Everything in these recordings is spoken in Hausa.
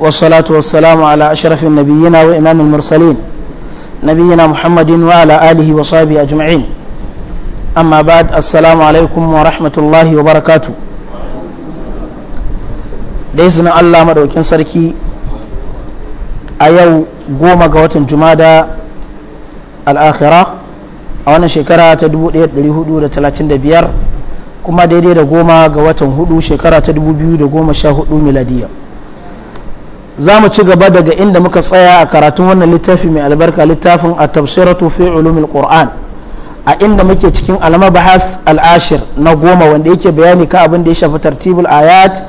والصلاة والسلام على أشرف النبيين وإمام المرسلين نبينا محمد وعلى آله وصحبه أجمعين أما بعد السلام عليكم ورحمة الله وبركاته ليسنا الله مدوكين سركي أيو قوم قوات جمادة الآخرة أولا شكرا تدبو إيه لهدو لتلاتين دبيار kuma daidai da goma ga watan hudu shekara ta 2014 miladiya za mu ci gaba daga inda muka tsaya a karatun wannan littafi mai albarka littafin a tafsiratu fi ulumil qur'an a inda muke cikin almabahas al'ashir na goma wanda yake bayani ka abin da ya shafi tartibul ayat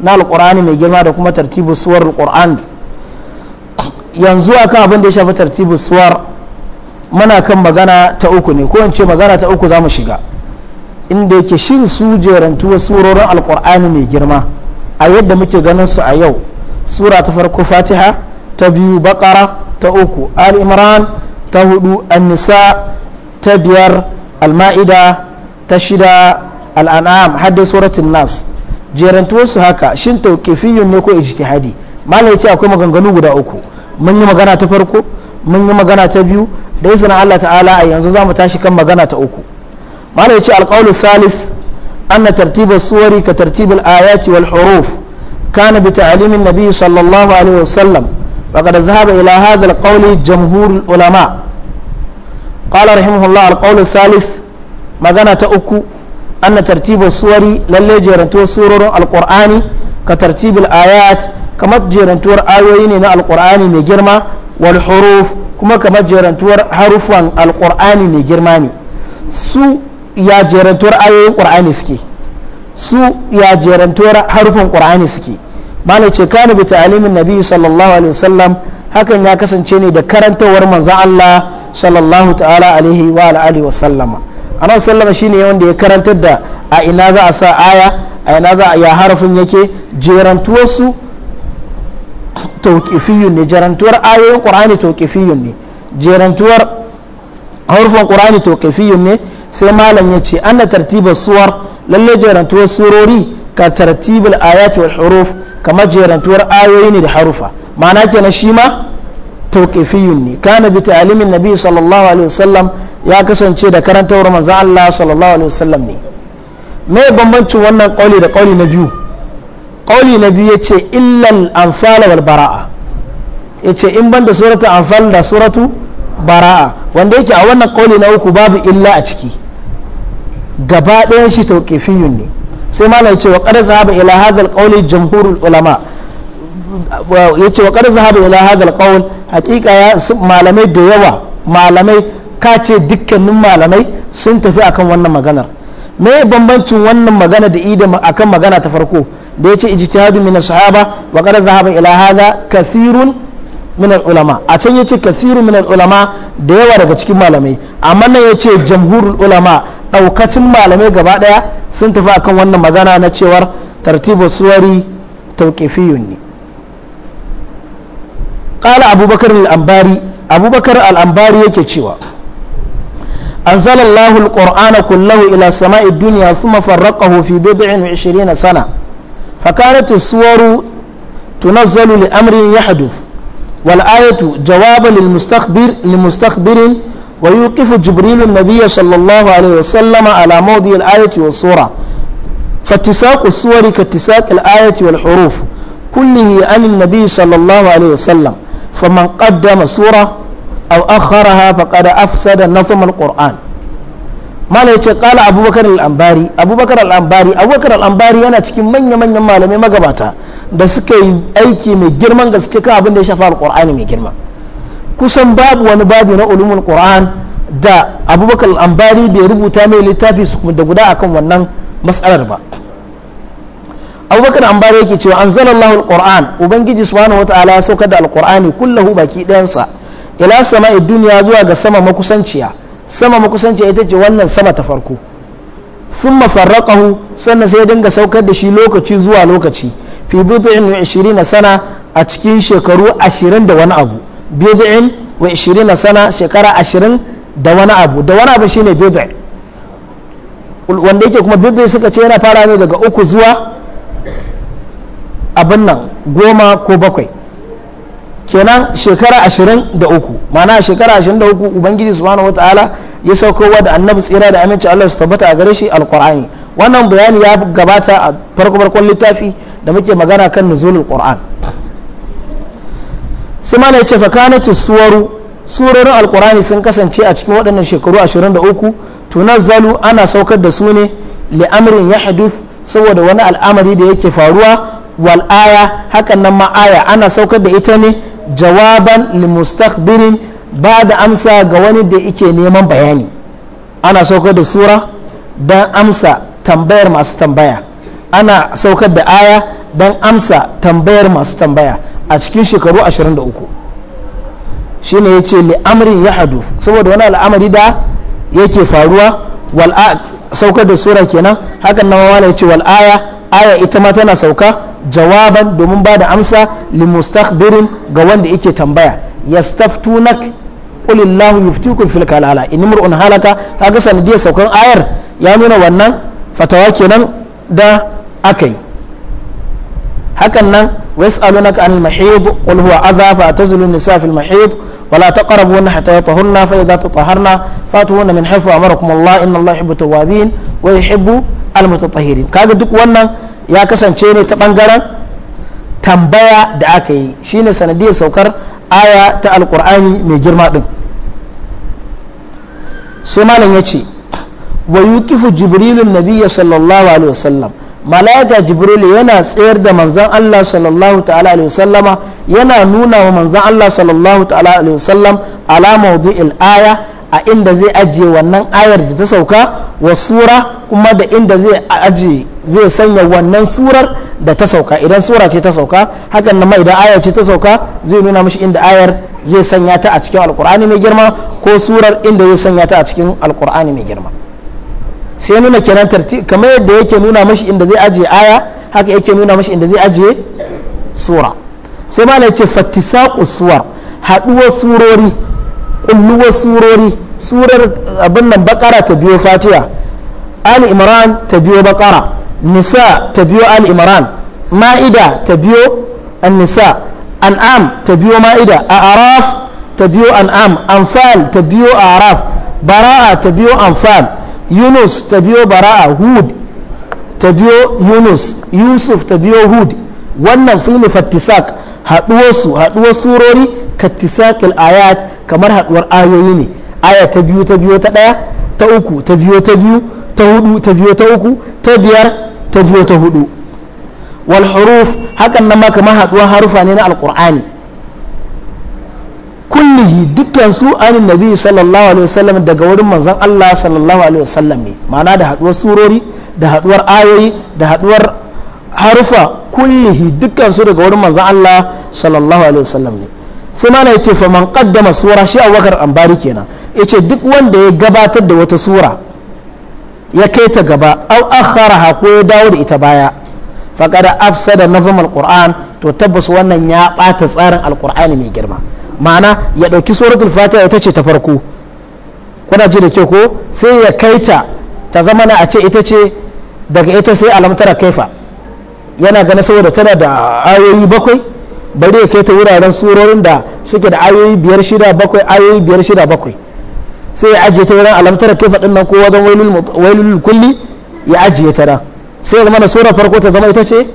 na alqur'ani mai girma da kuma tartibul suwar alqur'an yanzu akan abin da ya shafi tartibul suwar muna kan magana ta uku ne ko in ce magana ta uku za mu shiga inda yake shin su wasu surorin alqur'ani mai girma a yadda muke ganin su a yau sura ta farko fatiha ta biyu bakara ta uku al-imran ta hudu an-nisa ta biyar al-ma'ida ta shida al-an'am hadda suratul nas jerantuwar su haka shin tauqifiyun ne ko ijtihadi malai ce akwai maganganu guda uku mun yi magana ta farko mun yi magana ta biyu da izinin Allah ta'ala a yanzu za mu tashi kan magana ta uku malai ce alqawlu thalith anna tartiba suwari ka tartibul ayati wal huruf كان بتعليم النبي صلى الله عليه وسلم وقد ذهب إلى هذا القول جمهور العلماء قال رحمه الله القول الثالث مغانا تأكو أن ترتيب الصور للي جيرنتو سورة القرآن كترتيب الآيات كما جيرنتو آيوين القرآن من جرمة والحروف كما كما جيرنتو حروف القرآن من جرماني سو يا جيرنتو آيوين القرآن سكي su ya jeranto harufan ƙur'ani suke mana ce kana bi ta'alimin nabi sallallahu alaihi wasallam hakan ya kasance ne da karantawar manzon Allah sallallahu ta'ala alaihi wa alihi wa sallama anan sallama shine wanda ya karantar da a ina za a sa aya a ina za a ya harafin yake jerantuwar su tauqifiyun ne jerantuwar ayoyin qur'ani tauqifiyun ne jerantuwar harufin qur'ani tauqifiyun ne sai malam ya ce ana tartibar suwar lalle jerantuwar surori ka tartibul ayat wal huruf kamar jarantuwar ayoyi ne da harufa ma'ana kenan shi ma tauqifiyun ne kana bi ta'limin nabi sallallahu alaihi wasallam ya kasance da karantawar manzon Allah sallallahu alaihi wasallam ne me bambancin wannan kauli da kauli na biyu kauli na biyu yace illal anfal wal bara'a yace in banda suratu anfal da suratu bara'a wanda yake a wannan kauli na uku babu illa a ciki gaba ɗayan shi tauƙifiyun ne sai malam yace wa qad zahaba ila hadal kauli jamhurul ulama ya ce wa qad zahaba ila hadal kauli hakika ya malamai da yawa malamai ka ce dukkanin malamai sun tafi akan wannan maganar me bambancin wannan magana da ida akan magana ta farko da ya ce ijtihadu min sahaba wa qad zahaba ila hadha kathirun minan ulama a can ya ce kasiru minan ulama da yawa daga cikin malamai amma nan ya ce jamhurul ulama daukacin malamai gaba daya sun tafi akan wannan magana na cewar tartibu suwari tauqifiyun ne qala abubakar al-anbari abubakar al-anbari yake cewa anzalallahu al-qur'ana kullahu ila sama'id dunya thumma farraqahu fi bid'in wa 20 sana fa kanat as-suwaru tunazzalu li amrin yahduth والآية جواب للمستخبر لمستخبر ويوقف جبريل النبي صلى الله عليه وسلم على موضع الآية والصورة فاتساق الصور كاتساق الآية والحروف كله عن النبي صلى الله عليه وسلم فمن قدم سورة أو أخرها فقد أفسد نظم القرآن ما قال أبو بكر الأنباري أبو بكر الأنباري أبو بكر الأنباري أنا تكي من يمن يمالي مقباتا da suka yi aiki mai girman gaske kan abin da ya shafa alkur'ani mai girma kusan babu wani babu na ulumul qur'an da abubakar ambari bai rubuta mai littafi su da guda akan wannan matsalar ba abubakar ambari yake cewa an zana allahu alkur'an ubangiji subhanahu wataala ya saukar da alkur'ani kullahu baki ɗayansa ila sama duniya zuwa ga sama makusanciya sama makusanciya ita ce wannan sama ta farko sun mafarraƙahu sannan sai dinga saukar da shi lokaci zuwa lokaci fi bid'in wa ishirin na sana a cikin shekaru ashirin da wani abu bid'in wa ishirin na sana shekara ashirin da wani abu da wani abu shine bid'a wanda yake kuma bid'a suka ce yana fara ne daga uku zuwa abin nan goma ko bakwai kenan shekara ashirin da uku mana shekara ashirin da uku ubangiji subhanahu wa ta'ala ya saukowa da annabi tsira da aminci allah su tabbata a gare shi alkur'ani wannan bayani ya gabata a farko farkon littafi da muke magana kan nuzulul qur'an sai ma ce fa kanatu suwaru surorin alqur'ani sun kasance a cikin waɗannan shekaru 23 nazalu ana saukar da su ne li amrin yahduth saboda wani al'amari da yake faruwa wal aya hakan nan ma aya ana saukar da ita ne jawaban li ba da amsa ga wani da yake neman bayani ana saukar da sura don amsa tambayar masu tambaya ana saukar da aya don amsa tambayar masu tambaya a cikin shekaru 23 ne ya ce li'amrin ya hadu saboda wani al'amari da yake faruwa saukar da sura kenan hakan na mawala ya ce wal'aya aya ita ma tana sauka jawaban domin ba da amsa limustakbirin ga wanda yake tambaya yastaftunak qul illahu yuftikum fil kalala in imrun halaka kaga sanadiyar saukan ayar ya nuna wannan fatawa kenan da aka yi hakan nan ويسألونك عن المحيض قل هو أذى فاعتزلوا النساء في المحيض ولا تقربون حتى يطهرن فإذا تطهرن فاتوهن duk wannan ya kasance ne ta bangaren tambaya da aka yi shine sanadiyar saukar aya ta alkur'ani mai girma din sai malam yace wa yuqifu jibrilun nabiyya sallallahu alaihi wasallam malaika jibril yana tsayar da manzan Allah sallallahu ta'ala alaihi wasallama yana nuna wa manzan Allah sallallahu ta'ala alaihi wasallam ala mawdu'il aya a inda zai ajiye wannan ayar da ta sauka wa sura kuma da inda zai ajiye zai sanya wannan surar da ta sauka idan sura ce ta sauka hakan nan ma idan aya ce ta sauka zai nuna mishi inda ayar zai sanya ta a cikin alkur'ani mai girma ko surar inda zai sanya ta a cikin alkur'ani mai girma sai nuna kenan tarti kamar yadda yake nuna mashi inda zai ajiye aya haka yake nuna mashi inda zai ajiye sura sai ma ce fattisaqu suwar haduwa surori kulluwa surori surar abin nan bakara ta biyo fatiha ali imran ta biyo bakara nisa ta biyo ali imran ma'ida ta biyo an-nisa an'am ta biyo ma'ida a'raf ta biyo an'am anfal ta biyo a'raf bara'a ta biyo anfal yunus ta biyo bara'a hud ta biyo yunus yusuf ta biyo hud wannan fili fattisak haɗuwarsu haɗuwar surori kattisakil ayat kamar haɗuwar ayoyi ne aya ta biyu ta biyo ta ɗaya ta uku ta biyo ta biyu ta hudu ta biyo ta uku ta biyar ta biyo ta hudu wal huruf hakan nan ma kamar haɗuwar harufa ne na alƙur'ani kullihi dukkan su an nabi sallallahu alaihi wasallam daga wurin manzon Allah sallallahu alaihi wasallam ne ma'ana da haduwar surori da haduwar ayoyi da haduwar harufa kullihi dukkan su daga wurin manzon Allah sallallahu alaihi wasallam ne sai mana yace fa man qaddama sura shi Abubakar Ambari kenan yace duk wanda ya gabatar da wata sura ya kai ta gaba aw akharaha ko ya dawo da ita baya faqad afsada nazam alquran to tabbas wannan ya bata tsarin alqur'ani mai girma ma'ana ya ɗauki suratul fatiha ita ce ta farko kuna ji da ke ko sai ya kai ta ta zama na a ce ita ce daga ita sai alamtara kaifa yana gani saboda tana da ayoyi bakwai bari ya kai ta wuraren surorin da suke da ayoyi biyar shida bakwai ayoyi biyar shida bakwai sai ya ajiye ta wurin alamtara kaifa din nan ko wajen wailul kulli ya ajiye ta sai ya zama na sura farko ta zama ita ce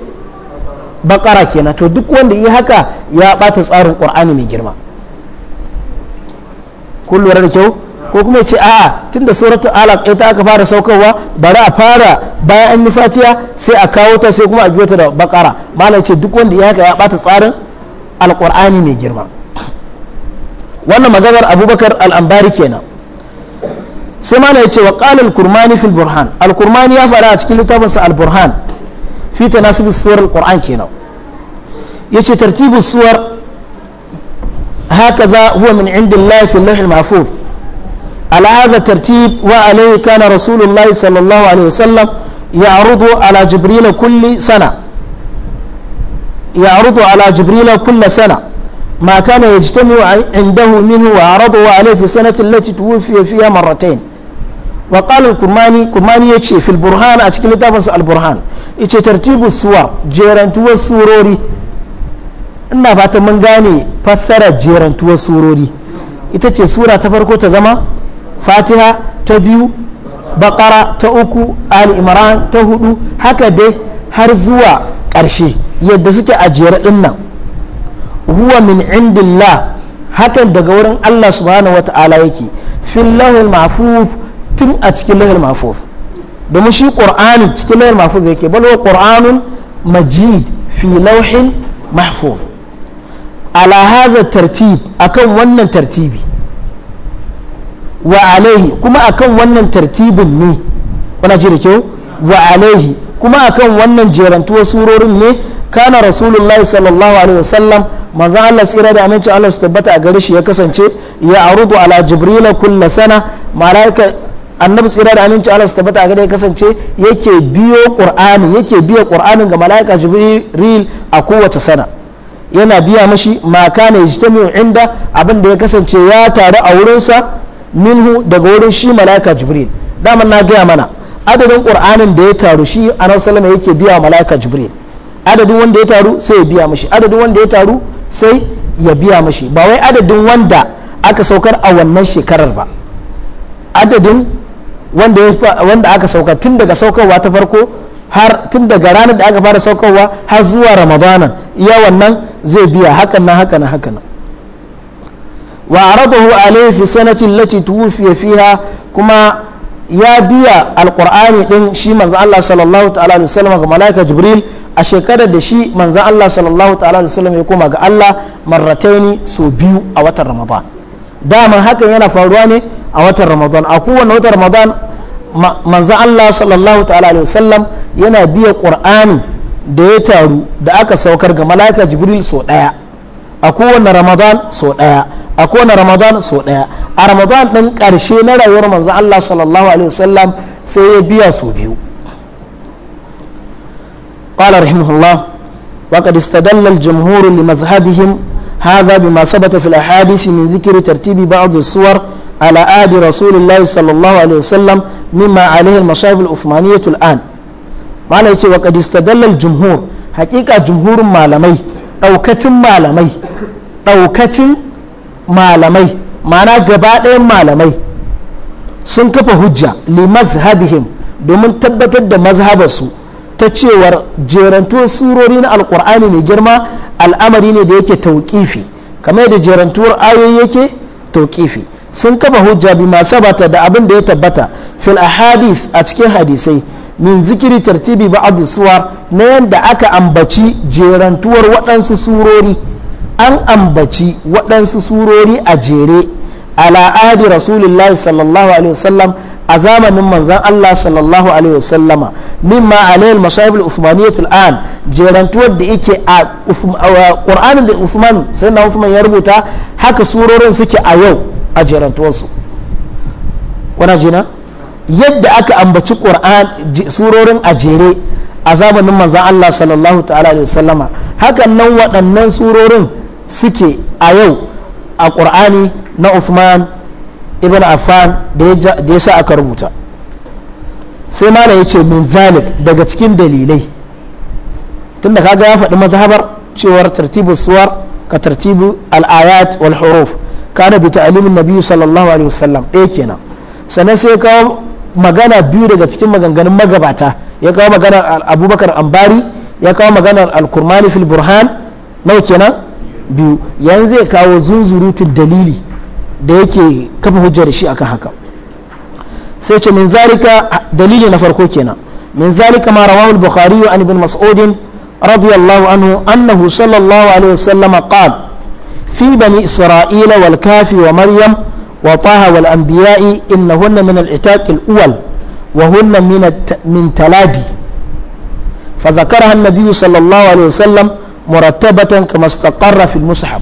bakara kenan to duk wanda yi haka ya bata tsarin qur'ani mai girma kun lura da kyau ko kuma ya ce a'a tunda suratul alaq ita aka fara saukarwa bari a fara bayan an yi fatiha sai a kawo ta sai kuma a biyo ta da bakara malam ce duk wanda ya haka ya bata tsarin alqur'ani mai girma wannan maganar abubakar al'ambari kenan sai malam ya ce wa qala al-kurmani fil burhan al ya fara a cikin littafinsa al-burhan fi tanasib suwar al-qur'an kenan yace tartibu suwar هكذا هو من عند الله في اللوح المحفوظ على هذا الترتيب وعليه كان رسول الله صلى الله عليه وسلم يعرض على جبريل كل سنة يعرض على جبريل كل سنة ما كان يجتمع عنده منه وعرضه عليه في السنة التي توفي فيها مرتين وقال الكرماني كرماني يتشي في البرهان أتكلم تابس البرهان يتشي ترتيب السور جيران تو السوروري ina fata mun gane fassara jerantuwar surori ita ce sura ta farko ta zama fatiha ta biyu bakara ta uku ali imran ta hudu haka dai har zuwa ƙarshe yadda suke a jere din nan huwa min indillah hakan daga wurin allah subhanahu ta'ala yake fil lahul mafuf tun a cikin lahul mafuf domin shi ƙur'anin cikin lahul mafuf yake balwa qur'anun majid fi lauhin mahfuz ala hadha tartib akan wannan tartibi wa alaihi kuma akan wannan tartibin ne wana ji da kyau wa alaihi kuma akan wannan jerantuwa surorin ne kana rasulullahi sallallahu alaihi wasallam manzon Allah tsira da aminci Allah su tabbata a gare shi ya kasance ya arudu ala jibrila kulla sana malaika annabi tsira da aminci Allah su tabbata a gare ya kasance yake biyo qur'ani yake biyo qur'anin ga malaika jibril a kowace sana yana biya mashi ma kana yajtami'u inda abin da ya kasance ya taru a wurinsa minhu daga wurin shi malaika jibril daman na gaya mana adadin qur'anin da ya taru shi anan sallama yake biya malaika jibril adadin wanda ya taru sai ya biya mashi adadin wanda ya taru sai ya biya mashi ba wai adadin wanda aka saukar a wannan shekarar ba adadin wanda aka sauka tun daga saukarwa ta farko har tun daga ranar da aka fara saukarwa har zuwa ramadana iya wannan zai biya hakan na hakan na hakan wa aradahu alayhi fi sanati lati tuwfiya fiha kuma ya biya alqur'ani din shi manzo Allah sallallahu ta'ala alaihi wasallam ga malaika jibril a shekarar da shi manzo Allah sallallahu ta'ala alaihi wasallam ya koma ga Allah marrataini so biyu a watan ramadan dama hakan yana faruwa ne a watan ramadan a kowane watan ramadan manzan Allah sallallahu ta'ala alaihi wasallam yana biya ƙur'ani da ya taru da aka saukar ga mala'ika jibril sau ɗaya a kowane ramadan sau ɗaya a kowane ramadan sau ɗaya a ramadan ɗin ƙarshe na rayuwar manzan Allah sallallahu alaihi wasallam sai ya biya sau biyu قال رحمه الله وقد استدل الجمهور لمذهبهم هذا بما ثبت في الأحاديث من ذكر ترتيب بعض الصور على عهد رسول الله صلى الله عليه وسلم مما عليه المشايخ العثمانية الآن ما يتي وقد استدل الجمهور حقيقة جمهور مالمي أو كتم مالمي أو كتم مالمي معنى جباء مالمي سنكف هجة لمذهبهم domin tabbatar da mazhabarsu ta cewar jerantuwar surori na alkur'ani mai girma al'amari ne da yake tauƙifi kamar yadda jerantuwar ayoyi yake tauƙifi sun kafa hujja bi ma sabata da abin da ya tabbata fil ahadith a cikin hadisai min zikiri tartibi ba suwar na yadda aka ambaci jerantuwar waɗansu surori an ambaci waɗansu surori a jere ala ahdi rasulillah sallallahu alaihi wasallam a zamanin manzan Allah sallallahu alaihi wasallama mimma alayhi masahib al an jerantuwar da yake a Qur'anin da Usman sai na Usman ya rubuta haka surorin suke a yau ajerantuwarsu kuna jina yadda aka ambaci qur'an surorin ajere a zamanin manzan Allah sallallahu ta'ala hakan nan waɗannan surorin suke a yau a ƙur'ani na Uthman ibn Affan da ya sa aka rubuta sai mala ya ce min zalik daga cikin dalilai tunda kaga ya faɗi mazhabar cewar tartibu suwar ka tartibu al'ayat wal huruf kana bi ta'alimin nabi sallallahu alaihi wasallam ɗaya kenan sannan sai ya kawo magana biyu daga cikin maganganun magabata ya kawo maganar abubakar ambari ya kawo maganar alkurmani fil burhan nau kenan biyu yanzu kawo zunzurutun dalili da yake kafa hujjar shi akan haka sai ce min zalika dalili na farko kenan min zalika ma rawahu al-bukhari wa ibn mas'ud radiyallahu anhu annahu sallallahu alaihi wasallam qala في بني إسرائيل والكافي ومريم وطه والأنبياء إنهن من العتاق الأول وهن من من تلادي فذكرها النبي صلى الله عليه وسلم مرتبة كما استقر في المصحف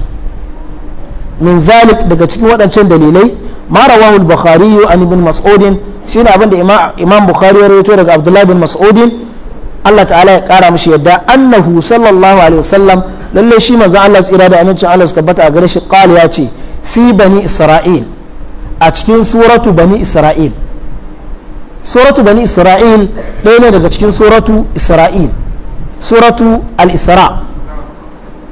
من ذلك دقتكم وأنتم دليلي ما رواه البخاري عن ابن مسعود شين أبن إمام بخاري روايته عبد الله بن مسعود الله تعالى قال مشي أنه صلى الله عليه وسلم lallai shi maza Allah tsira da amincin Allah suka bata a gare shi qal ya ce fi bani isra'il a cikin suratu bani isra'il suratu bani isra'il ɗaya ne daga cikin suratu isra'il suratu al-isra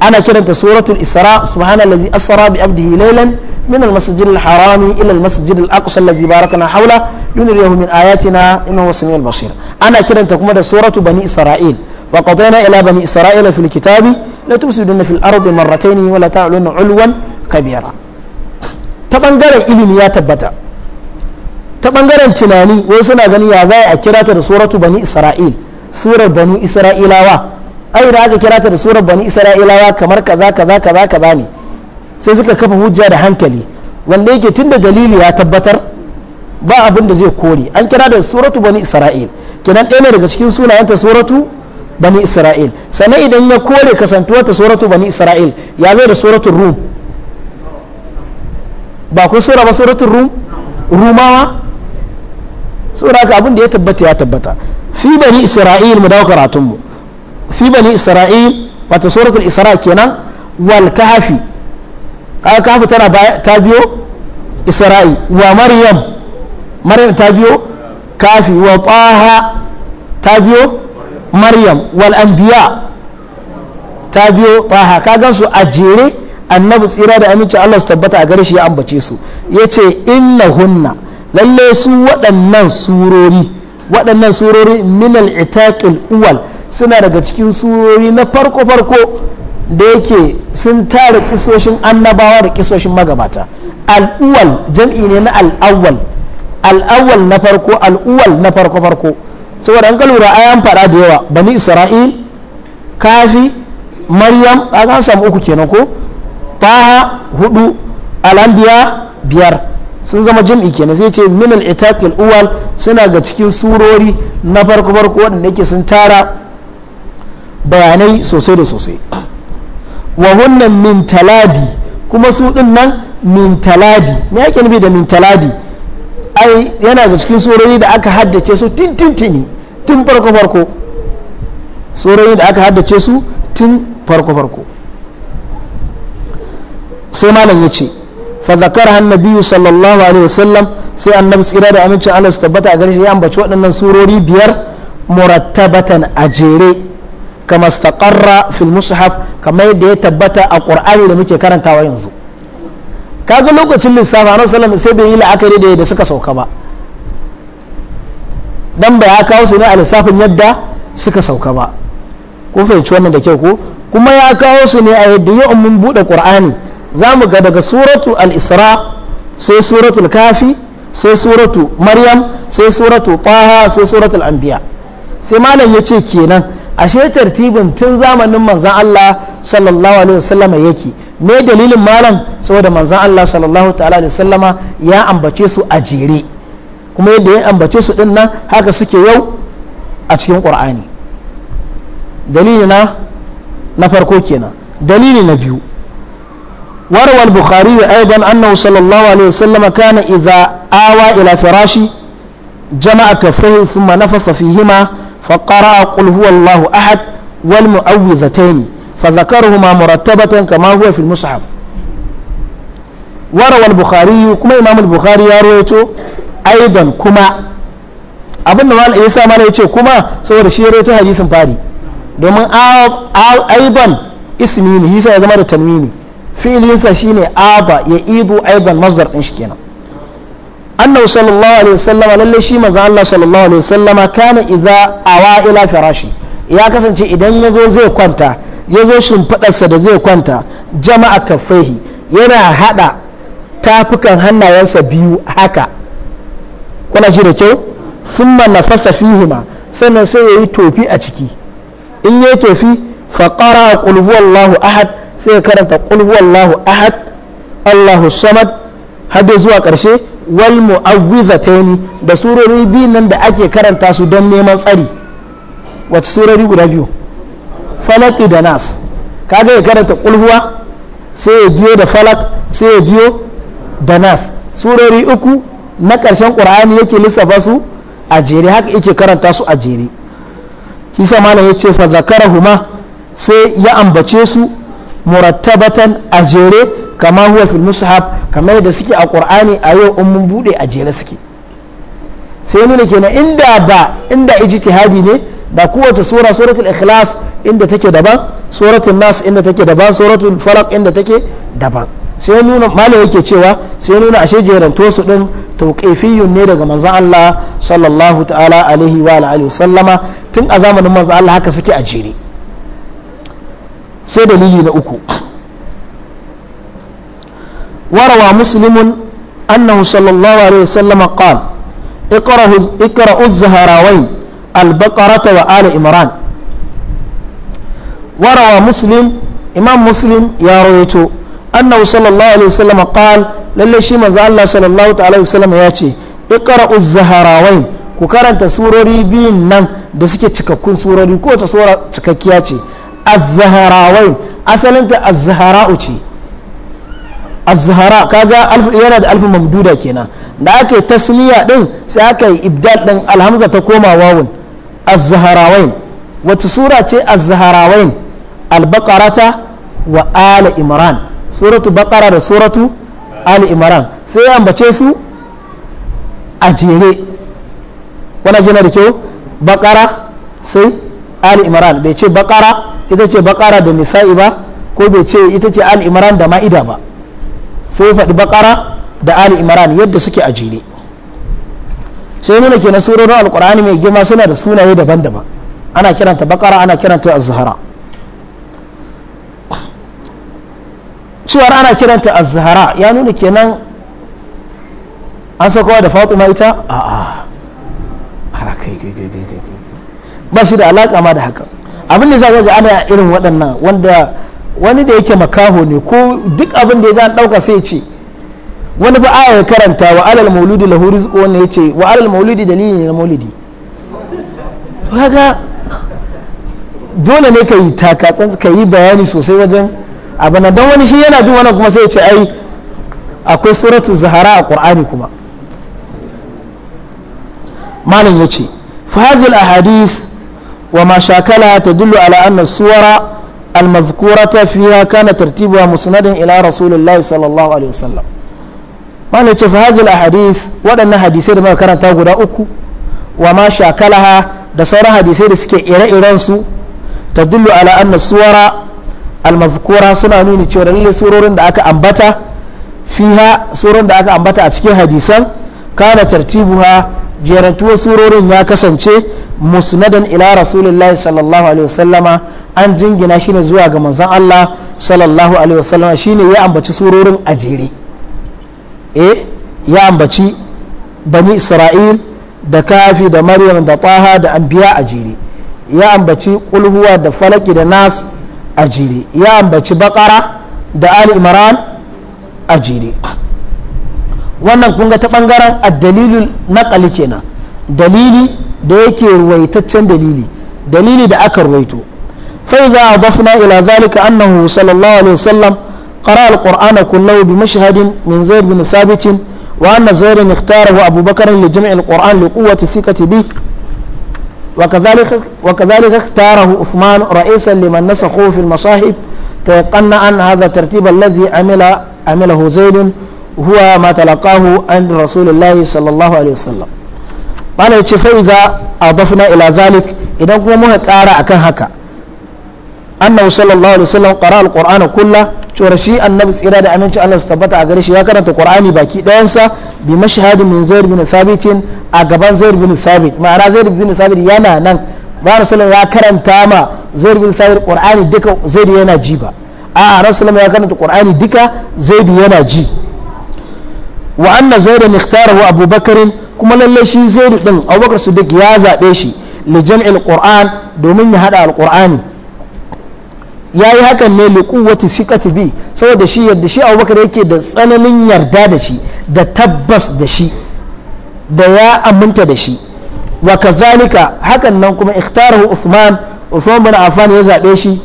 ana kiranta suratul isra subhanallazi asra bi abdihi laylan من المسجد الحرام إلى المسجد الأقصى الذي باركنا حوله لنريه من آياتنا إنه هو السميع البصير أنا كده تكون سورة بني إسرائيل وقضينا إلى بني إسرائيل في الكتاب لا تفسدن في الأرض مرتين ولا تعلن علوا كبيرا تبنغر إلم يا تبتا تبنغر تناني ويسنا غني يا زاي أكرات سورة بني إسرائيل سورة بني إسرائيل وا أي راجع كرات سورة بني إسرائيل وا كمر كذا كذا كذا كذا ني سيزك كفه وجه هنكلي wanda yake tunda dalili ya tabbatar ba abin da zai kore an kira da suratu bani isra'il kenan ɗaya ne daga cikin sunayenta suratu bani isra'il sannan idan ya kore kasantuwar ta suratu bani isra'il ya zai da suratul rum ba ku sura ba suratul rum rumawa sura ka abin da ya tabbata ya tabbata fi bani isra'il mu dawo karatun mu fi bani isra'il wata suratul isra kenan wal kahfi kahfi tana ta biyo isra'il wa maryam maryam ta biyo kafi wa taha ta biyo maryam wal anbiya ta biyo taha ka gansu a jere annabi tsira da aminci Allah su tabbata a gare shi ya ambace su yace hunna lalle su waɗannan surori waɗannan surori minal itaqil uwal suna daga cikin surori na farko farko da yake sun tara kisoshin annabawa da kisoshin magabata al'uwal jam'i ne na al'awal awwal na farko al'uwal na farko farko saboda an kalura a yan fada da yawa bani isra'il kafi maryam an samu uku kenan ko taha hudu alambiya biyar sun zama jim'i kenan sai ce min al uwal suna ga cikin surori na farko farko wadanda yake sun tara bayanai sosai da sosai wa hunnan min kuma su din nan min taladi me yake nufi da mintaladi. ai yana da cikin surori da aka haddace su tun tuni tun farko farko surori da aka haddace su tun farko farko sai malam ya ce fa zakara biyu sallallahu alaihi wasallam sai annabi tsira da amincin Allah su tabbata a gare shi ya ambaci waɗannan surori biyar murattabatan a jere kama staƙarra fil mushaf kamar yadda ya tabbata a qur'ani da muke karantawa yanzu kaga lokacin lissafa na salama sai bai yi la'akari da yadda suka sauka ba dan bai ya kawo su ne a lissafin yadda suka sauka ba ko fahimci wannan da kyau ko kuma ya kawo su ne a yadda yau mun buɗe qur'ani za mu ga daga suratu al-isra sai suratul kafi sai suratu maryam sai suratu taha sai suratul anbiya sai malam ya ce kenan ashe tartibin tun zamanin manzon Allah sallallahu alaihi wasallam yake me dalilin malam saboda manzan Allah sallallahu ta'ala da sallama ya ambace su a jere kuma yadda ya ambace su din haka suke yau a cikin ƙur'ani dalili na farko kenan dalili na biyu warwal bukhari wa aidan annahu sallallahu alaihi wasallam kana idza awa ila firashi jama'a kafai thumma nafafa fihima fa qara'a qul huwallahu ahad wal mu'awwidhataini فذكرهما مرتبة كما هو في المصحف وروى البخاري كما إمام البخاري يرويته أيضا كما abin da malam isa mana yace kuma saboda shi rawaito hadisin fari domin aiban ismi ne hisa ya zama da tanwini sa shine aba ya idu aiban masdar din shi kenan annahu sallallahu alaihi wasallam lalle shi manzo Allah sallallahu alaihi wasallam kana idza awa ila firashi ya kasance idan yazo zai kwanta ya zo shimfiɗarsa da zai kwanta jama'a kafaihi yana haɗa tafukan hannayensa biyu haka kuna ji da kyau na fasa fihima sannan sai ya yi tofi a ciki in ya tofi faƙara ƙulhuwallahu ahad sai ya karanta ƙulhuwallahu ahad allahu samad har zuwa ƙarshe wal mu'awwizataini da surori biyu nan da ake karanta su don neman tsari wata surori guda biyu falaki da nas kaga ya karanta kulhuwa sai ya biyo da falak sai ya biyo da nas surori uku na ƙarshen ƙur'ani yake lissafa su a jere haka yake karanta su a jere kisa malam ya ce fa zakarahuma sai ya ambace su murattabatan a jere kama huwa fil mushaf kamar da suke a qur'ani a yau in mun bude a jere suke sai nuna kenan inda ba inda ijtihadi ne da kowace sura suratul ikhlas inda take daban suratul nas inda take daban suratul falaq inda take daban sai nuna malam yake cewa sai nuna ashe jeranto su din tauqifiyun ne daga manzon Allah sallallahu ta'ala alaihi wa alihi sallama tun a zamanin manzon Allah haka suke a jere sai dalili na uku وروى مسلم أنه صلى الله عليه وسلم قال اقرأوا الزهراوين البقرة وآل إمران وروى مسلم إمام مسلم يا رويته أنه صلى الله عليه وسلم قال للي شي مزا الله صلى الله عليه وسلم ياتي اقرأوا الزهراوين ku karanta surori biyun nan da suke cikakkun surori ko ta sura cikakkiya ce az-zaharawai asalinta az-zahara'u ce az-zahara kaga yana da alfu mamduda kenan da aka yi tasniya din sai aka yi ibdal din alhamza ta koma wawun az-zaharawain wata sura ce az-zaharawain al wa ala imran suratu baqara da suratu ali imran sai ya ambace su a jere wani jina da kyau baqara sai ali imran bai ce baqara ita ce baqara da nisa'i ba ko bai ce ita ce ali imran da ma'ida ba sai ya faɗi baqara da ali imran yadda suke a sai nuna kenan surorin alkur'ani mai girma suna da sunaye daban-daban ana kiranta bakara ana kiranta az cewar ana kiranta az ya nuna kenan an sakawa da fatima ita a kai kai kai kai kai ba shi da alaka ma da haka abin da za ga ana irin waɗannan wanda wani da yake makaho ne ko duk abin da ya ga an ɗauka sai ya ce wani ba aya ya karanta wa alal mauludi lahu rizqu wanda yace wa alal mauludi dalili ne na maulidi to kaga dole ne ka yi takatsan ka yi bayani sosai wajen abana don wani shi yana jin wannan kuma sai ya ce ai akwai suratul zahara a qur'ani kuma malam yace fa hadhihi al ahadith wa ma shakala tadullu ala anna suwara al mazkurata fiha kana tartibuha musnadan ila rasulillahi sallallahu alaihi wasallam wanda ce fahazil a hadith waɗannan hadisai da muka karanta guda uku wa ma shakalaha da sauran hadisai da suke ire-iren su ta dillu ala anna suwara almafukura suna nuni cewa lalle surorin da aka ambata fiha surorin da aka ambata a cikin hadisan kana ha jerantuwa surorin ya kasance musnadan ila rasulullahi sallallahu alaihi wasallama an jingina shine zuwa ga manzon Allah sallallahu alaihi wasallama shine ya ambaci surorin a jere eh ya ambaci bani isra'il da kafi da maryam da taha da anbiya a jere ya ambaci kulhuwa da falaki da nas a jere ya ambaci bakara da ali imran a jere wannan kunga ta bangaren addalilul naqali kenan dalili da yake ruwaitaccen dalili dalili da aka ruwaito za a adafna ila zalika annahu sallallahu alaihi wasallam قرأ القرآن كله بمشهد من زيد بن ثابت وأن زيد اختاره أبو بكر لجمع القرآن لقوة الثقة به وكذلك, وكذلك اختاره عثمان رئيسا لمن نسخه في المصاحب تيقن أن هذا الترتيب الذي عمل عمله زيد هو ما تلقاه عن رسول الله صلى الله عليه وسلم قال فإذا أضفنا إلى ذلك إذا قومها كارا أكهكا annahu sallallahu alaihi wasallam qara alqur'ana kulla cewa shi annabi tsira da aminci Allah su tabbata a gare shi ya karanta qur'ani baki sa bi mashhadin min zaid bin thabit a gaban zaid bin thabit ma'ana zaid bin thabit yana nan ba rasulullah ya karanta ma zaid bin thabit qur'ani duka zaid yana ji ba a'a rasulullah ya karanta qur'ani duka zaid yana ji wa anna zaidan ikhtarahu abubakar kuma lallai shi zaidu din abubakar su siddiq ya zaɓe shi li jam'il qur'an domin ya hada alqur'ani ya yi hakan ne liƙuwati shi bi saboda shi yadda shi abubakar yake da tsananin yarda da shi da tabbas da shi da ya aminta da shi wa kazalika hakan nan kuma ikhtarahu Usman Usman bin Affan ya zaɓe shi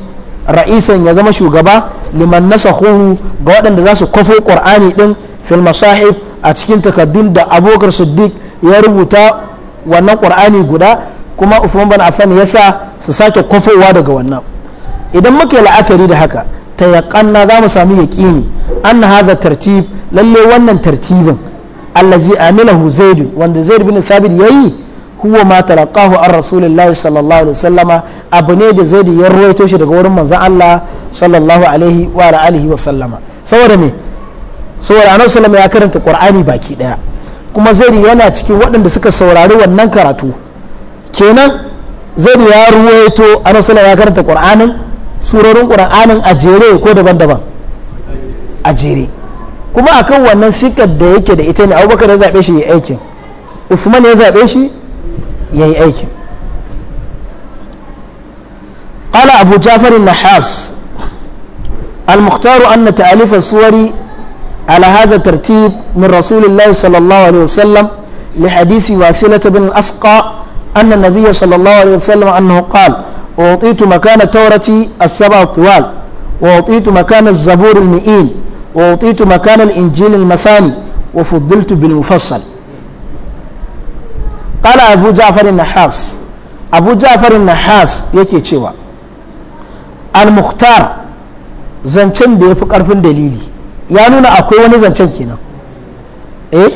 ra'isan ya zama shugaba liman nasahuhu ga waɗanda za su kwafo Qur'ani din fil masahib a cikin takaddun da Abubakar Siddiq ya rubuta wannan Qur'ani guda kuma Usman bin Affan ya sa su sake kwafowa daga wannan idan muka yi la'akari da haka ta yaƙanna za mu samu yaƙini an na haza tartib lalle wannan tartibin allazi amilahu zaidu wanda zaid bin ya yi huwa ma talaqahu an rasulillahi sallallahu alaihi wasallama abu ne da zaid ya ruwaito shi daga wurin manzon Allah sallallahu alaihi wa alihi wa saboda me saboda annabi sallama ya karanta qur'ani baki daya kuma zaid yana cikin waɗanda suka saurari wannan karatu kenan zaid ya ruwaito annabi sallama ya karanta qur'anin surorin ƙura'anin a jere ko daban-daban a kuma akan wannan sikar da yake da ita ne abubakar ya zaɓe shi ya aikin usman ya zaɓe shi ya yi aikin ƙala abu jafar nahas al-mukhtaru anna ta'alifa suwari ala hadha tartib min rasulillahi sallallahu alaihi wasallam li hadisi wasilata bin al-asqa anna nabiyya sallallahu alaihi wasallam annahu qala وأعطيت مكان التوراة السبع طوال وأعطيت مكان الزبور المئين وأعطيت مكان الإنجيل المثاني وفضلت بالمفصل قال أبو جعفر النحاس أبو جعفر النحاس يكي تشوى المختار zancen da ya fi ƙarfin dalili ya nuna akwai wani zancen kenan eh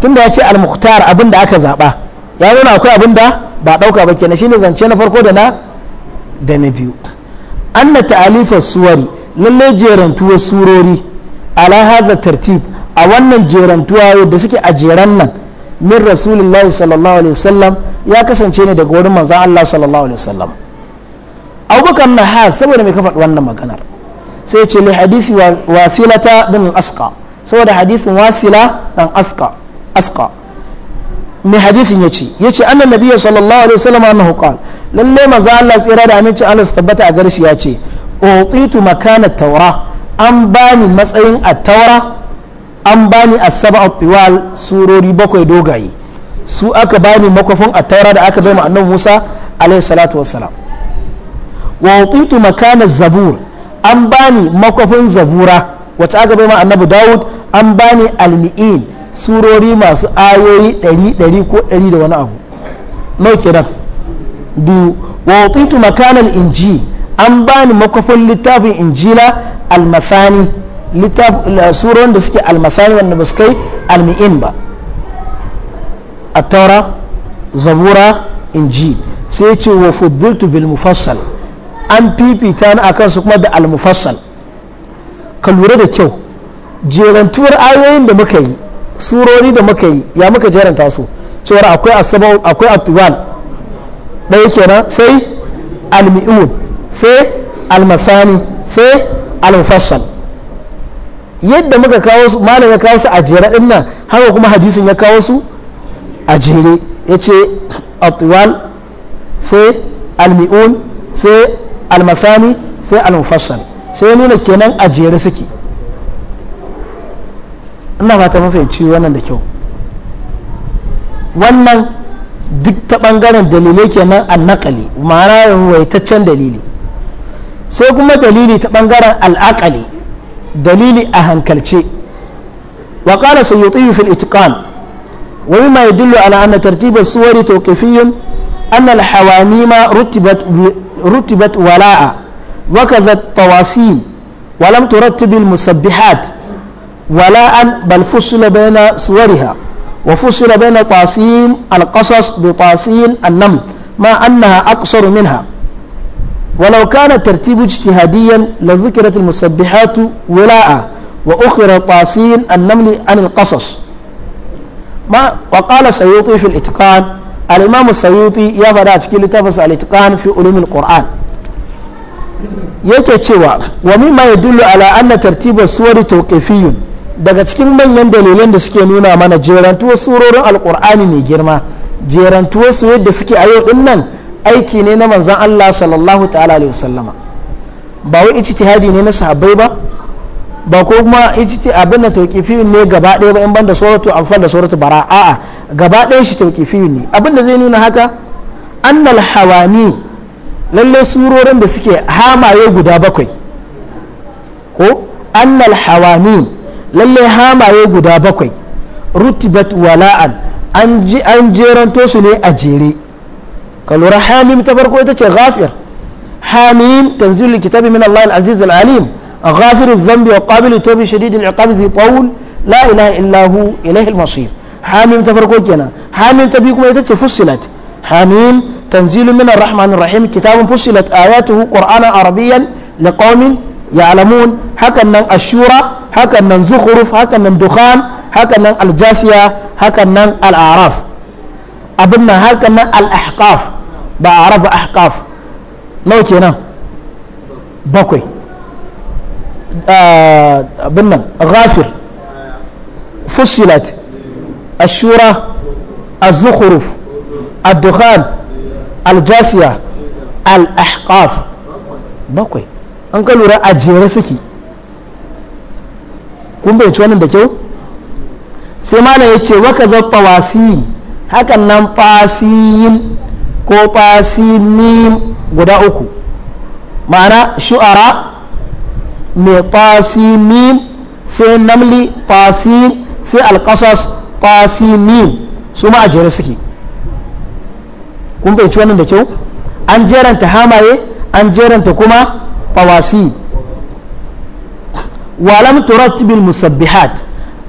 tunda ya ce al-mukhtar abin da aka zaɓa ya nuna akwai abin da ba ɗauka ba kenan shine zance na farko da na da na biyu anna ta'alifar suwari lalle jerantuwa surori ala haza tartib a wannan jerantuwa yadda suke a jeran nan min rasulullahi sallallahu alaihi wasallam ya kasance ne daga wurin manzon Allah sallallahu alaihi wasallam abubakar na ha saboda mai kafa wannan maganar sai ce li hadisi wasilata bin aska saboda hadisin wasila dan aska aska mai hadisin ya ce ya ce annan nabiya sallallahu alaihi wasallam annahu qala lalle manzo Allah tsira da aminci Allah su tabbata a garshi ya ce utitu makana taura an bani matsayin a taura an bani a saba tiwal surori bakwai dogaye su aka bani makwafin a taura da aka bai ma annabi Musa alaihi salatu wassalam wa utitu makana zabur an bani makwafin zabura wacce aka bai annabi Dawud an bani almi'in surori masu ayoyi 100 ɗari ko ɗari da wani abu nau kenan biyu wa wutitu inji an bani makofin littafin injila almasani suron da suke almasani wanda ba su kai almi'in ba a taura zabura inji sai ce wa fuddiltu bil mufassal an fifita ni akan su kuma da al mufassal ka lura da kyau jerantuwar ayoyin da muka yi surori da muka yi ya muka jeranta su cewar akwai akwai atuwal ɗaya kenan sai almi'un sai almasani sai almufassal yadda muka kawo su malam ya kawo su a jere ɗin nan haka kuma hadisin ya kawo su a jere ya ce atwal sai almi'un sai almasani sai almufassal sai ya nuna kenan a jere suke ina fata mafi wannan da kyau wannan duk ta ɓangaren dalilai kenan annakali ma'ana waitaccen dalili sai kuma dalili ta ɓangaren al'akali dalili a hankalce wa qala sayyuti fil itqan wa mimma yadullu ala anna tartiba suwari tawqifiyyun anna al hawamima rutibat rutibat wala'a wa kadha at tawasil wa lam turattib al musabbihat wala'an bal fusila bayna suwariha وفصل بين طاسيم القصص بطاسين النمل ما أنها أقصر منها ولو كان الترتيب اجتهاديا لذكرت المسبحات ولاء وأخر طاسين النمل عن القصص ما وقال السيوطي في الإتقان الإمام السيوطي يفعل أتكيل تفس الإتقان في علوم القرآن يكي ومما يدل على أن ترتيب السور توقيفي daga cikin manyan dalilan da suke nuna mana jerantuwar surorin alkur'ani mai girma jerantuwar su yadda suke a yau din nan aiki ne na manzan Allah sallallahu ta'ala alaihi wasallama ba wai ijtihadi ne na sahabbai ba ba ko kuma ijti abin da tauqifi ne gaba ɗaya ba in ban da suratu anfal da suratu bara a'a gaba ɗaya shi tauqifi ne abin da zai nuna haka annal hawani lalle surorin da suke hamaye guda bakwai ko annal hawani. lalle hamaye guda bakwai rutibat wala'an an ji an jeran to su ne a jere ka lura hamim ta farko ita ce ghafir hamim tanzilul kitabi min Allah al-aziz al-alim ghafir adh-dhanbi wa qabilu tawbi shadid al-iqab fi qawl la ilaha illa hu ilayhi al-masir hamim ta farko kenan hamim ta biyu kuma ita ce fussilat hamim تنزيل من الرحمن الرحيم كتاب فصلت آياته قرآنا عربيا لقوم يعلمون liqaumin ya'lamun hakan hakan nan zukhruf hakan nan dukhan hakan nan aljasiya hakan nan al'araf abin nan hakan nan al'ahqaf ba araf ba ahqaf nau kenan bakwai ah, abin nan ghafir fusilat ashura الزخرف الدخان الجافية الأحقاف bakwai an ka lura a jere suke kun bai wannan da kyau sai malam ya ce waka zatta wasiyin hakan nan fasiyin ko fasimim guda uku ma'ana shu'ara mai fasimim sai namli fasim sai alkasas fasimim su ma a jere suke kun bai wannan da kyau an jeranta hamaye an jeranta kuma fawasi ولم ترتب المسبحات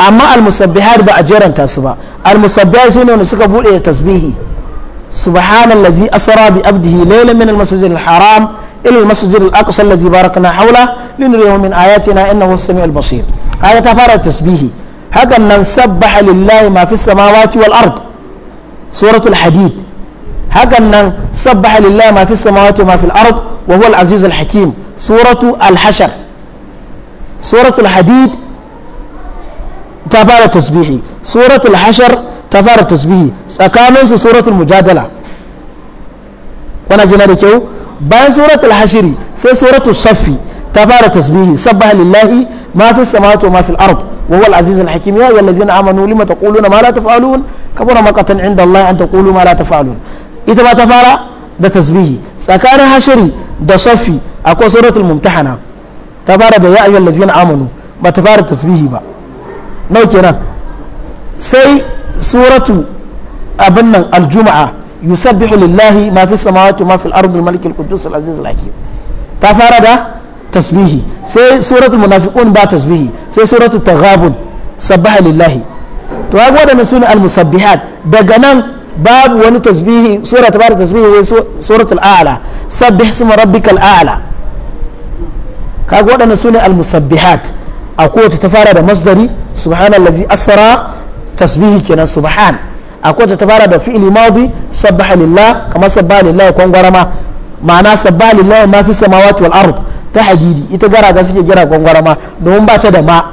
أما المسبحات بأجرا تسبح المسبحات سنون سكبول إلى تسبيه سبحان الذي أسرى بأبده ليلا من المسجد الحرام إلى المسجد الأقصى الذي باركنا حوله لنريه من آياتنا إنه السميع البصير هذا تفارة تسبيح هذا من سبح لله ما في السماوات والأرض سورة الحديد هذا من سبح لله ما في السماوات وما في الأرض وهو العزيز الحكيم سورة الحشر سورة الحديد تفار تسبيحي سورة الحشر تفار تسبيحي سكانون سورة المجادلة وانا جنا ركيو بان سورة الحشر سورة الصفي تفار تسبيحي سبح لله ما في السماوات وما في الأرض وهو العزيز الحكيم يا أيها الذين آمنوا لما تقولون ما لا تفعلون كبر مقتا عند الله أن تقولوا ما لا تفعلون إذا ما تفعل ده تسبيحي سكان حشري ده صفي أكو سورة الممتحنة ta fara da ya ayyuhal ladina amanu ba ta fara tasbihi ba nau kenan sai suratu abin nan aljuma'a yusabbihu lillahi ma fi samawati ma fi al-ardi al-malik al-quddus al-aziz al-hakim ta fara da tasbihi sai suratul munafiqun ba tasbihi sai suratul taghabun sabbaha lillahi to ga wadannan sunan al-musabbihat daga nan babu wani tasbihi sura ta fara tasbihi sai suratul a'la sabbih isma rabbikal a'la kaga waɗannan sune al-musabbihat a kowace ta fara da masdari subhanallazi asra tasbihi kenan subhan a kowace ta fara da fi'li madi sabbaha lillah kamar sabbaha lillah kwangwarama ma'ana sabbaha lillah ma fi samawati wal ard ta hadidi ita gara ga suke gira kwangwarama domin ba ta da ma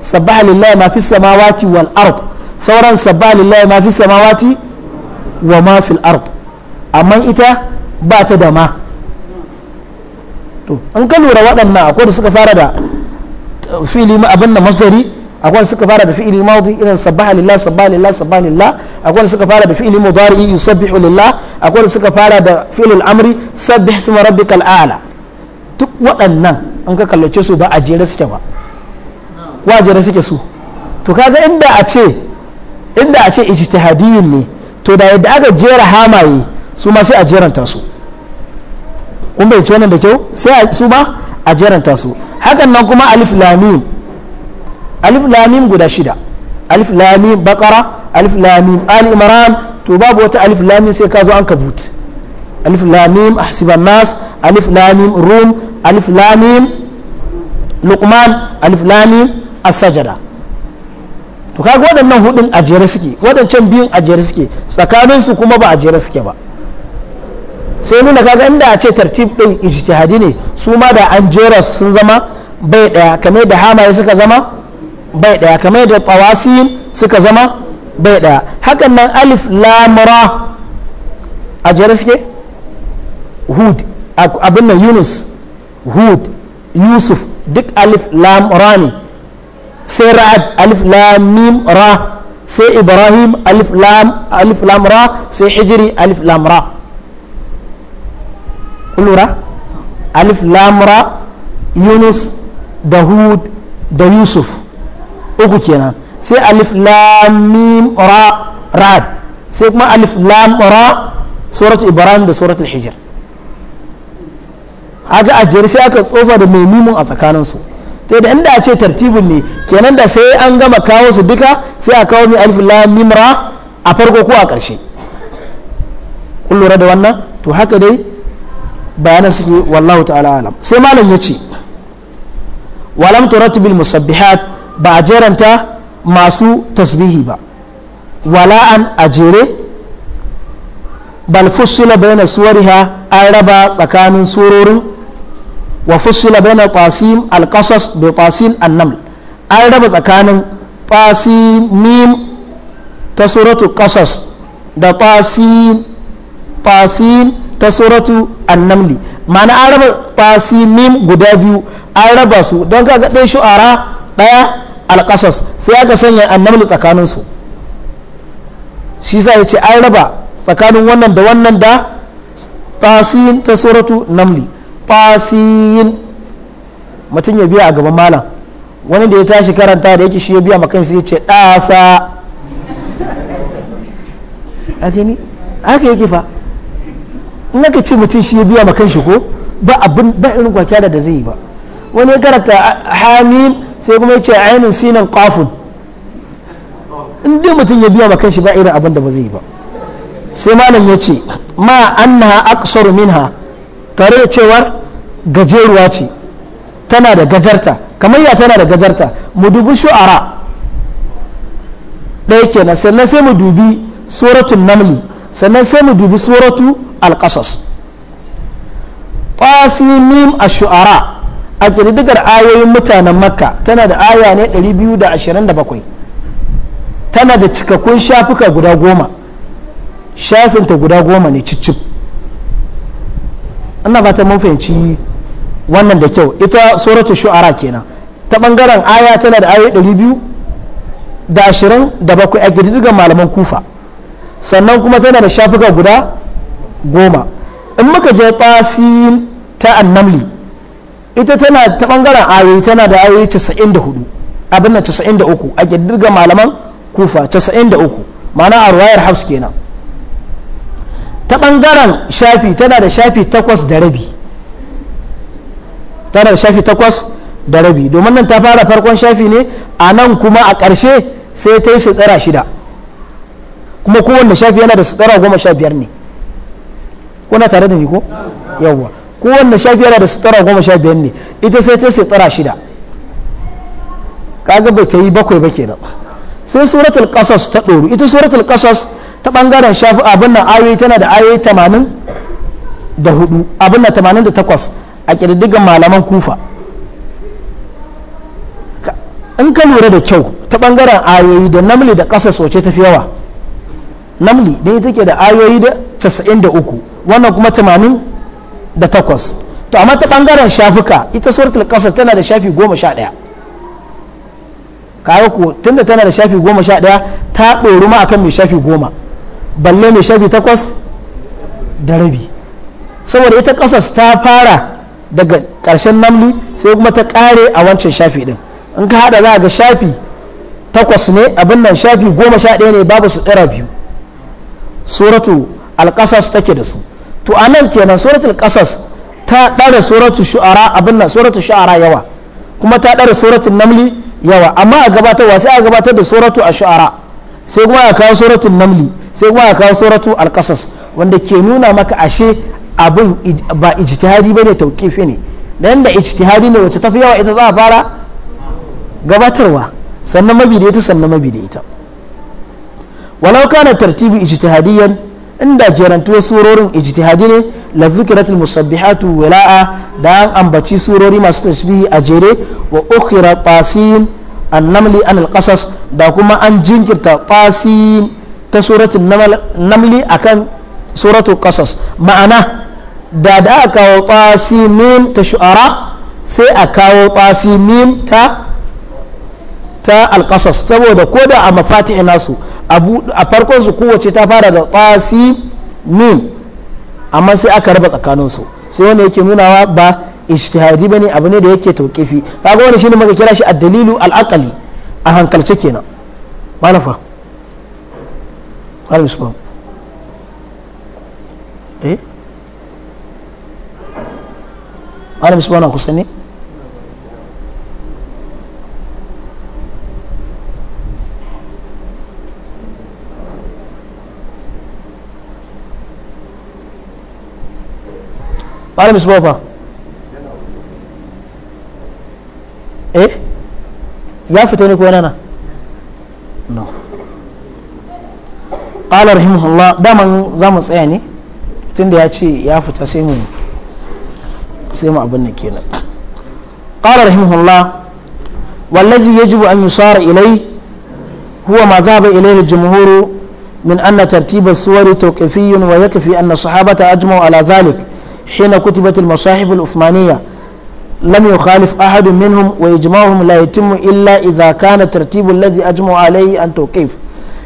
sabbaha lillah ma fi samawati wal ard sauran sabbaha lillah ma fi samawati wa ma fil ard amma ita ba ta da ma to an ka lura waɗannan akwai da suka fara da fi'ili abin da masari akwai da suka fara da fi'ili madi irin sabbaha lillah sabaha lillah sabbaha lillah akwai da suka fara da fi'ili mudari yusabbihu lillah akwai da suka fara da fi'il amri sabbih isma rabbikal a'la duk waɗannan an ka kallace su ba a jere suke ba ko a jere suke su to kaga inda a ce inda a ce ijtihadiyin ne to da yadda aka jera hamaye su ma sai a jeranta su kun bai wannan da kyau sai a su ba a jeranta su hakan nan kuma alif lamim alif lamim guda shida alif lamim bakara alif lamim ali imran to babu wata alif lamim sai ka zo an kabut alif lamim ahsiban nas alif lamim rum alif lamim luqman alif lamim as-sajada to kaga waɗannan hudun a jere suke waɗancan biyun a jere suke tsakaninsu kuma ba a jere suke ba sai nuna kaga inda a ce tartib din ijtihadi ne su ma da an jera sun zama bai daya kamar da hamaye suka zama bai daya kamar da tawasin suka zama bai daya hakan nan alif lamura a jere suke hud abin nan yunus hud yusuf duk alif ra ne sai ra'ad alif mim ra sai ibrahim alif lam alif lamra sai hijri alif lamra lura alif lamra yunus da hud da yusuf uku kenan sai alif lamim ra ra'ad sai kuma alif lam ra suratul ibrahim da suratul hijr haka a jere sai aka tsofa da mai mimun a tsakaninsu to da inda a ce tartibin ne kenan da sai an gama kawo su duka sai a kawo mai alif lam mim ra a farko ko a ƙarshe kun da wannan to haka dai bayanan suke wallahu ta'ala alam sai malam ya ce walam turattibil musabbihat ba a jeranta masu tasbihi ba wala an a jere bal fussila bayna suwariha an raba tsakanin surorin wa fussila bayna tasim alqasas bi tasim annaml an raba tsakanin tasim ta suratu qasas da qasim tasim ta suratu annamli ma'ana an raba tasimim guda biyu an raba su don ka ɗaya shu'ara ɗaya alƙasas sai aka sanya annamli tsakanin su shi sa ya ce an raba tsakanin wannan da wannan da tasiyin ta suratu namli tasiyin mutum ya biya a gaban malam wani da ya tashi karanta da yake shi ya biya makan sai ya ce ɗasa a gani haka yake fa in ka ce mutum shi ya biya ma kanshi ko ba abin ba irin kwakiya da zai yi ba wani ya karanta hamim sai kuma ya ce ainihin sinan qafun in dai mutum ya biya ma kanshi ba irin abin da ba zai yi ba sai malam ya ce ma annaha aqsaru minha tare cewar gajeruwa ce tana da gajarta kamar ya tana da gajarta mu dubi shu'ara ɗaya kenan sannan sai mu dubi suratul namli sannan sai mu dubi suratu alƙasas qasimim ash-shu'ara a ƙididdigar ayoyin mutanen makka tana da aya ne 227 tana da cikakkun shafuka guda goma shafinta guda goma ne cicci ana fata mun fahimci wannan da kyau ita suratu shu'ara kenan ta bangaren aya tana da ayoyi 227 a ƙididdigar malaman kufa sannan kuma tana da shafuka guda goma in muka je tasil ta annamli ita tana ta bangaren ayoyi tana da ayoyi 94 abin da 93 a ƙirƙirga malaman kufa 93 ma'ana a ruwayar hafs kenan ta bangaren shafi tana da shafi 8 da rabi tana da shafi 8 da rabi domin nan ta fara farkon shafi ne a nan kuma a ƙarshe sai ta yi su tsara shida kuma kowanne shafi yana da sutura goma sha biyar ne kuna tare da ni ko yawwa kowanne shafi yana da sutura goma sha biyar ne ita sai ta sutura shida kaga bai ta yi bakwai ba kenan sai suratul qasas ta ɗoru ita suratul qasas ta bangaren shafi abin nan ayoyi tana da ayoyi tamanin da hudu abin nan tamanin da takwas a ƙididdigan malaman kufa in ka lura da kyau ta bangaren ayoyi da namli da ƙasa soce fi yawa namli dai ita ke da ayoyi da casa'in da uku wannan kuma tamanin da takwas to amma ta ɓangaren shafuka ita suratul kasar tana da shafi goma sha ɗaya kawo ku tunda tana da shafi goma sha ɗaya ta ɗoru ma akan mai shafi goma balle mai shafi takwas da rabi saboda ita kasas ta fara daga ƙarshen namli sai kuma ta ƙare a wancan shafi ɗin in ka haɗa za ga shafi takwas ne abin nan shafi goma sha ɗaya ne babu su ɗara biyu suratu alƙasas take da su to a nan kenan suratul ƙasas ta ɗara suratu shu'ara abin nan suratu shu'ara yawa kuma ta ɗara suratul namli yawa amma a gabatarwa sai a gabatar da suratu a shu'ara sai kuma a kawo suratul namli sai kuma a kawo suratu alƙasas wanda ke nuna maka ashe abin ba ijtihadi bane tauqifi ne dan da ijtihadi ne wacce tafi yawa ita za a fara gabatarwa sannan mabi da ita sannan mabi da ita walau kana tartibu ijtihadiyan inda jerantuwar surorin ijtihadi ne la zikratul musabbihatu wala'a da an ambaci surori masu tasbihi a jere wa ukhira tasin annamli an alqasas da kuma an jinkirta tasin ta suratul namli akan suratul qasas ma'ana da da aka kawo tasimin ta shu'ara sai a kawo tasimin ta ta alqasas saboda koda a mafatihi nasu a farkon su kowace ta fara da qasim min amma sai aka raba tsakanin su sai wanda yake nunawa ba ijtihadi bane abu ne da yake tauqifi kaga wani shine muka kira shi ad-dalilu al-aqli a hankalce kenan malafa malam subhan eh malam subhan ku sani malam ismail fa eh? ya fito ko yana na no qala rahimahullah dama za mu tsaya ne tunda ya ce ya fita sai mu sai mu abin nan kenan qala rahimahullah والذي يجب أن يصار إليه هو ما ذهب anna الجمهور من أن ترتيب wa توقيفي ويكفي أن الصحابة ajmau ala ذلك حين كتبت المصاحف العثمانية لم يخالف أحد منهم وإجماعهم لا يتم إلا إذا كان الترتيب الذي أجمع عليه أن توقيف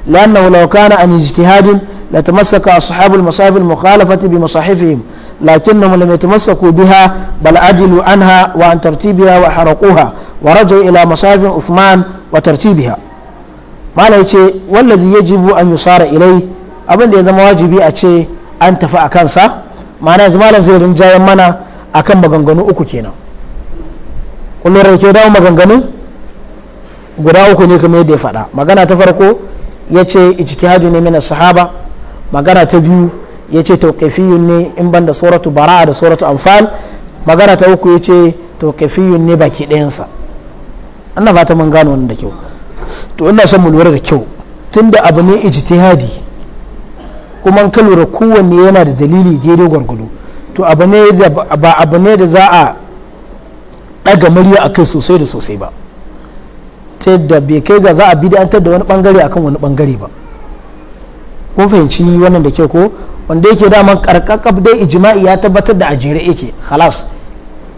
لأنه لو كان عن اجتهاد لتمسك أصحاب المصاحف المخالفة بمصاحفهم لكنهم لم يتمسكوا بها بل عدلوا عنها وعن ترتيبها وحرقوها ورجعوا إلى مصاحف عثمان وترتيبها ما والذي يجب أن يصار إليه أبن إذا ما واجبي أتشي أن تفأ كنسا ma'ana yanzu malam zai rinjayen mana a kan maganganu uku kenan kullum rauke dawo maganganu guda uku ne kuma yadda ya faɗa magana ta farko ya ce ijtihadu ne mina sahaba magana ta biyu ya ce tauƙafiyun ne in ban da suratu bara'a da sauratu amfani magana ta uku ya ce tauƙafiyun ne baki ɗayansa ana fata mun gano wannan da kyau to ina son mu lura da kyau tunda abu ne ijtihadi kuma an kalura kowanne yana da dalili daidai gwargwado to abu ne da ba abu ne da za a ɗaga murya a kai sosai da sosai ba ta yadda bai kai ga za a bidantar da wani bangare akan wani bangare ba kun fahimci wannan da ke ko wanda yake daman karkakaf dai ijma'i ya tabbatar da ajere yake halas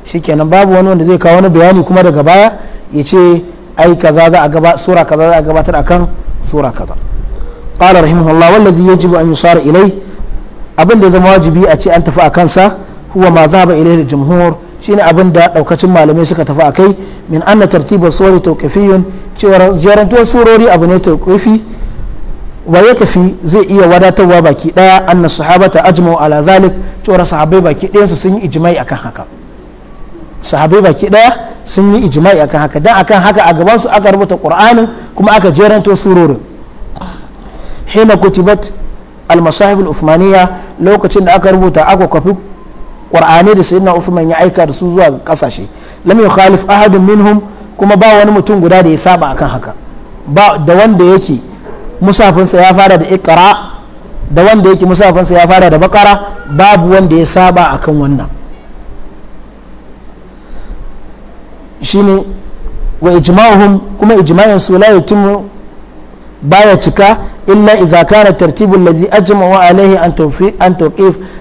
shikenan babu wani wanda zai kawo wani bayani kuma daga baya ya ce ai kaza za a gaba sura kaza za a gabatar akan sura kaza qala rahimahullah wallazi yajibu an yusar ilai abin da zama wajibi a ce an tafi a kansa huwa ma zaba ilai da jumhur shine abin da daukacin malamai suka tafi a kai min anna tartibar suwari tawqifiyun cewa ziyarantuwar surori abu ne tawqifi wa ya kafi zai iya wadatarwa baki daya anna sahabata ajma'u ala zalik cewa sahabbai baki ɗayan su sun yi ijma'i akan haka sahabai baki daya sun yi ijma'i akan haka dan akan haka a gaban aka rubuta qur'anin kuma aka jeranto surorin hina kutibat al-masahib al-uthmaniyya lokacin da aka rubuta aka kafi qur'ani da sayyidina Uthman ya aika da su zuwa kasashe lam yukhalif ahadun minhum kuma ba wani mutum guda da ya saba akan haka ba da wanda yake musafinsa ya fara da ikra da wanda yake musafinsa ya fara da bakara babu wanda ya saba akan wannan shine wa ijma'uhum kuma ijma'in su la yatimmu baya cika illa idza kana tartibul ladhi ajma'u alaihi an tawfi an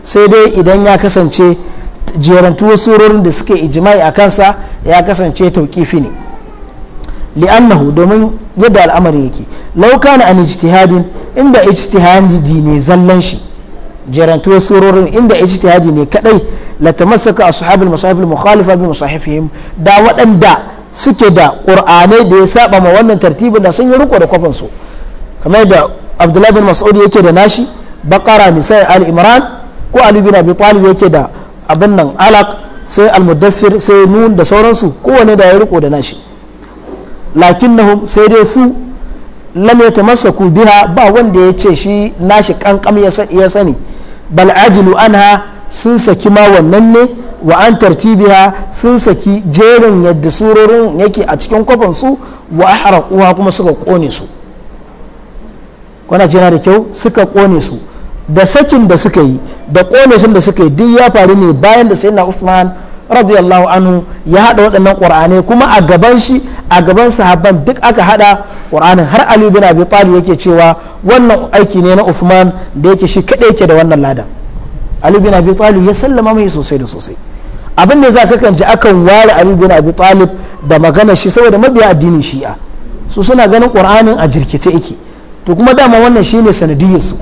sai dai idan ya kasance jerantu surorin da suke ijimai a kansa ya kasance tawqifi ne li'annahu domin yadda al'amari yake law kana an ijtihadin inda ijtihadi ne zallan shi jerantu surorin inda ijtihadi ne kadai la tamassaka ashabul masahib mukhalifa bi musahifihim da waɗanda suke da qur'anai da ya saba ma wannan tartibin da sun yi riko da kwafansu su kamar da abdullahi bin mas'ud yake da nashi bakara misai al imran ko ali bin abi talib yake da abin nan alaq sai almudassir sai nun da sauransu kowane da ya riko da nashi lakinnahum sai dai su lam yatamassaku biha ba wanda ya ce shi nashi kankam ya sani bal ajlu anha sun saki ma wannan ne wa an tartibiha sun saki jerin yadda surorin yake a cikin su wa ahraquha kuma suka kone su wana jina da kyau suka kone su da sakin da suka yi da kone sun da suka yi duk ya faru ne bayan da sayyidina Usman radiyallahu anhu ya hada waɗannan qur'ane kuma a gaban shi a gaban sahabban duk aka hada qur'anin har Ali bin Abi Talib yake cewa wannan aiki ne na Usman da yake shi kadai yake da wannan ladan Ali bin Abi Talib ya sallama mai sosai da sosai abin da za ka akan ware Ali bin Abi Talib da magana shi saboda mabiya addinin Shi'a su suna ganin Qur'anin a jirkice yake to kuma dama wannan shine sanadiyarsu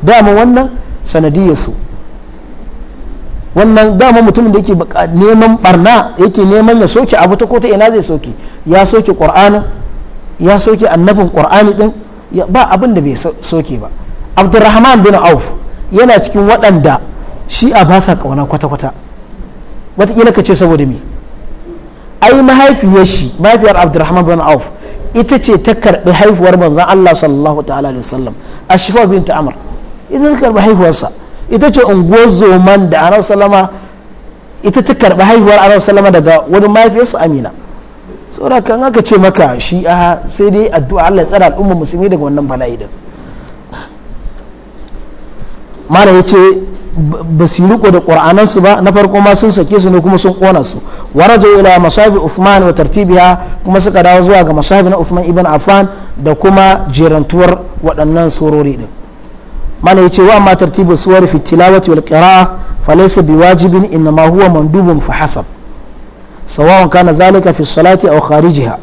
dama wannan sanadiyarsu wannan dama mutumin da yake neman barna yake neman ya soke abu ta kota ina zai soke ya soke qur'ana ya soke annabin qur'ani din ba abin da bai soke ba abdurrahman bin auf yana cikin waɗanda shi a ba sa kauna kwata-kwata wataƙila ka ce saboda me ai mahaifiyar shi mahaifiyar abdurrahman bin auf ita ce ta karbi haihuwar manzan Allah sallallahu ta'ala alaihi wasallam ashfa bin ta'amar ita ta karbi haihuwarsa ita ce unguwar zoman da anar salama ita ta karbi haihuwar anar salama daga wani mahaifiyarsa amina saboda kan aka ce maka shi a sai dai addu'a Allah ya tsara al'ummar musulmi daga wannan bala'i din mala yace ba su riko da ƙur'anansu ba na farko ma sun sake su ne kuma sun ƙona su waraja ila masabi Uthman wa tartibiha kuma suka dawo zuwa ga masabi na Uthman ibn Affan da kuma jerantuwar waɗannan surori din mana yace wa amma tartibu suwar fi tilawati wal qira'a fa laysa biwajibin inma huwa mandubun fa hasab sawa'un kana dhalika fi salati aw kharijiha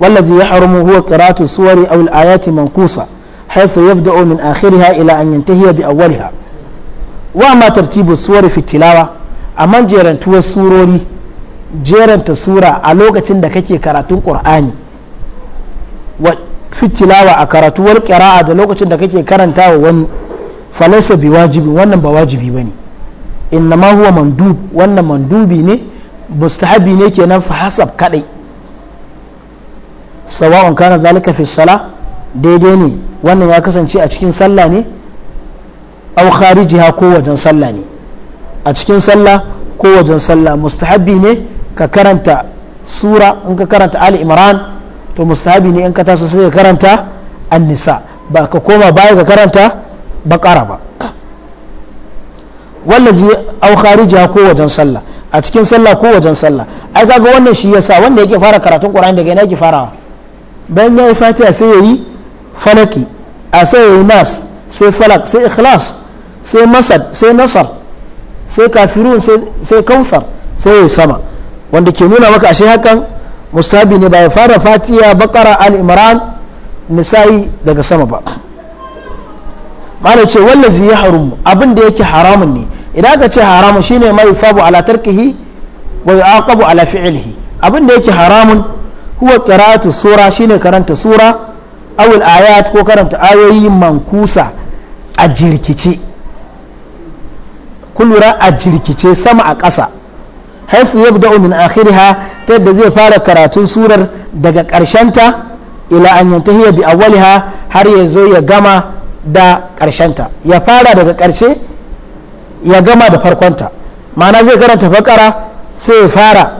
والذي يحرم هو قراءة السور أو الآيات منقوصة حيث يبدأ من آخرها إلى أن ينتهي بأولها wa ma tartibu suwar fitilawa amma jerantuwar surori jeranta sura a lokacin da kake karatun ƙur'ani wa fitilawa a karatuwar ƙira'a da lokacin da kake karanta wa wani falasa bi wajibi wannan ba wajibi ba bane innama huwa mandub wannan mandubi ne mustahabi ne kenan fa hasab kadai sawa'un kana zalika fi sala daidai ne wannan ya kasance a cikin sallah ne aw kharijiha ko wajen sallah ne a cikin sallah ko wajen sallah mustahabi ne ka karanta sura in ka karanta ali imran to mustahabi ne in ka taso sai ka karanta an ba ka koma baya ka karanta bakara ba wallazi aw kharijiha ko wajen sallah a cikin sallah ko wajen sallah ai kaga wannan shi yasa wanda yake fara karatun qur'ani daga ina yake farawa bayan yayi fatiha sai yayi falaki a sai yayi nas sai falak sai ikhlas sai masad sai nasar sai kafirun sai kausar sai ya sama wanda ke nuna maka ashe hakan mustabi ne ba ya fara fatiya bakara alimran nisayi nisa'i daga sama ba mana ce wallazi ya haramu abin da yake haramun ne idan aka ce haramun shine mai yusabu ala tarkihi wa yuaqabu ala fi'lihi abin da yake haramun huwa qira'atu sura shine karanta sura awul ayat ko karanta ayoyi mankusa a jirkice kulura a jirkice sama a ƙasa haifu ya buda min akhiriha ta yadda zai fara karatun surar daga ta ila an yantahiya bi awwaliha har ya zo ya gama da ta ya fara daga ƙarshe ya gama da farkonta ma'ana zai karanta fakara sai ya fara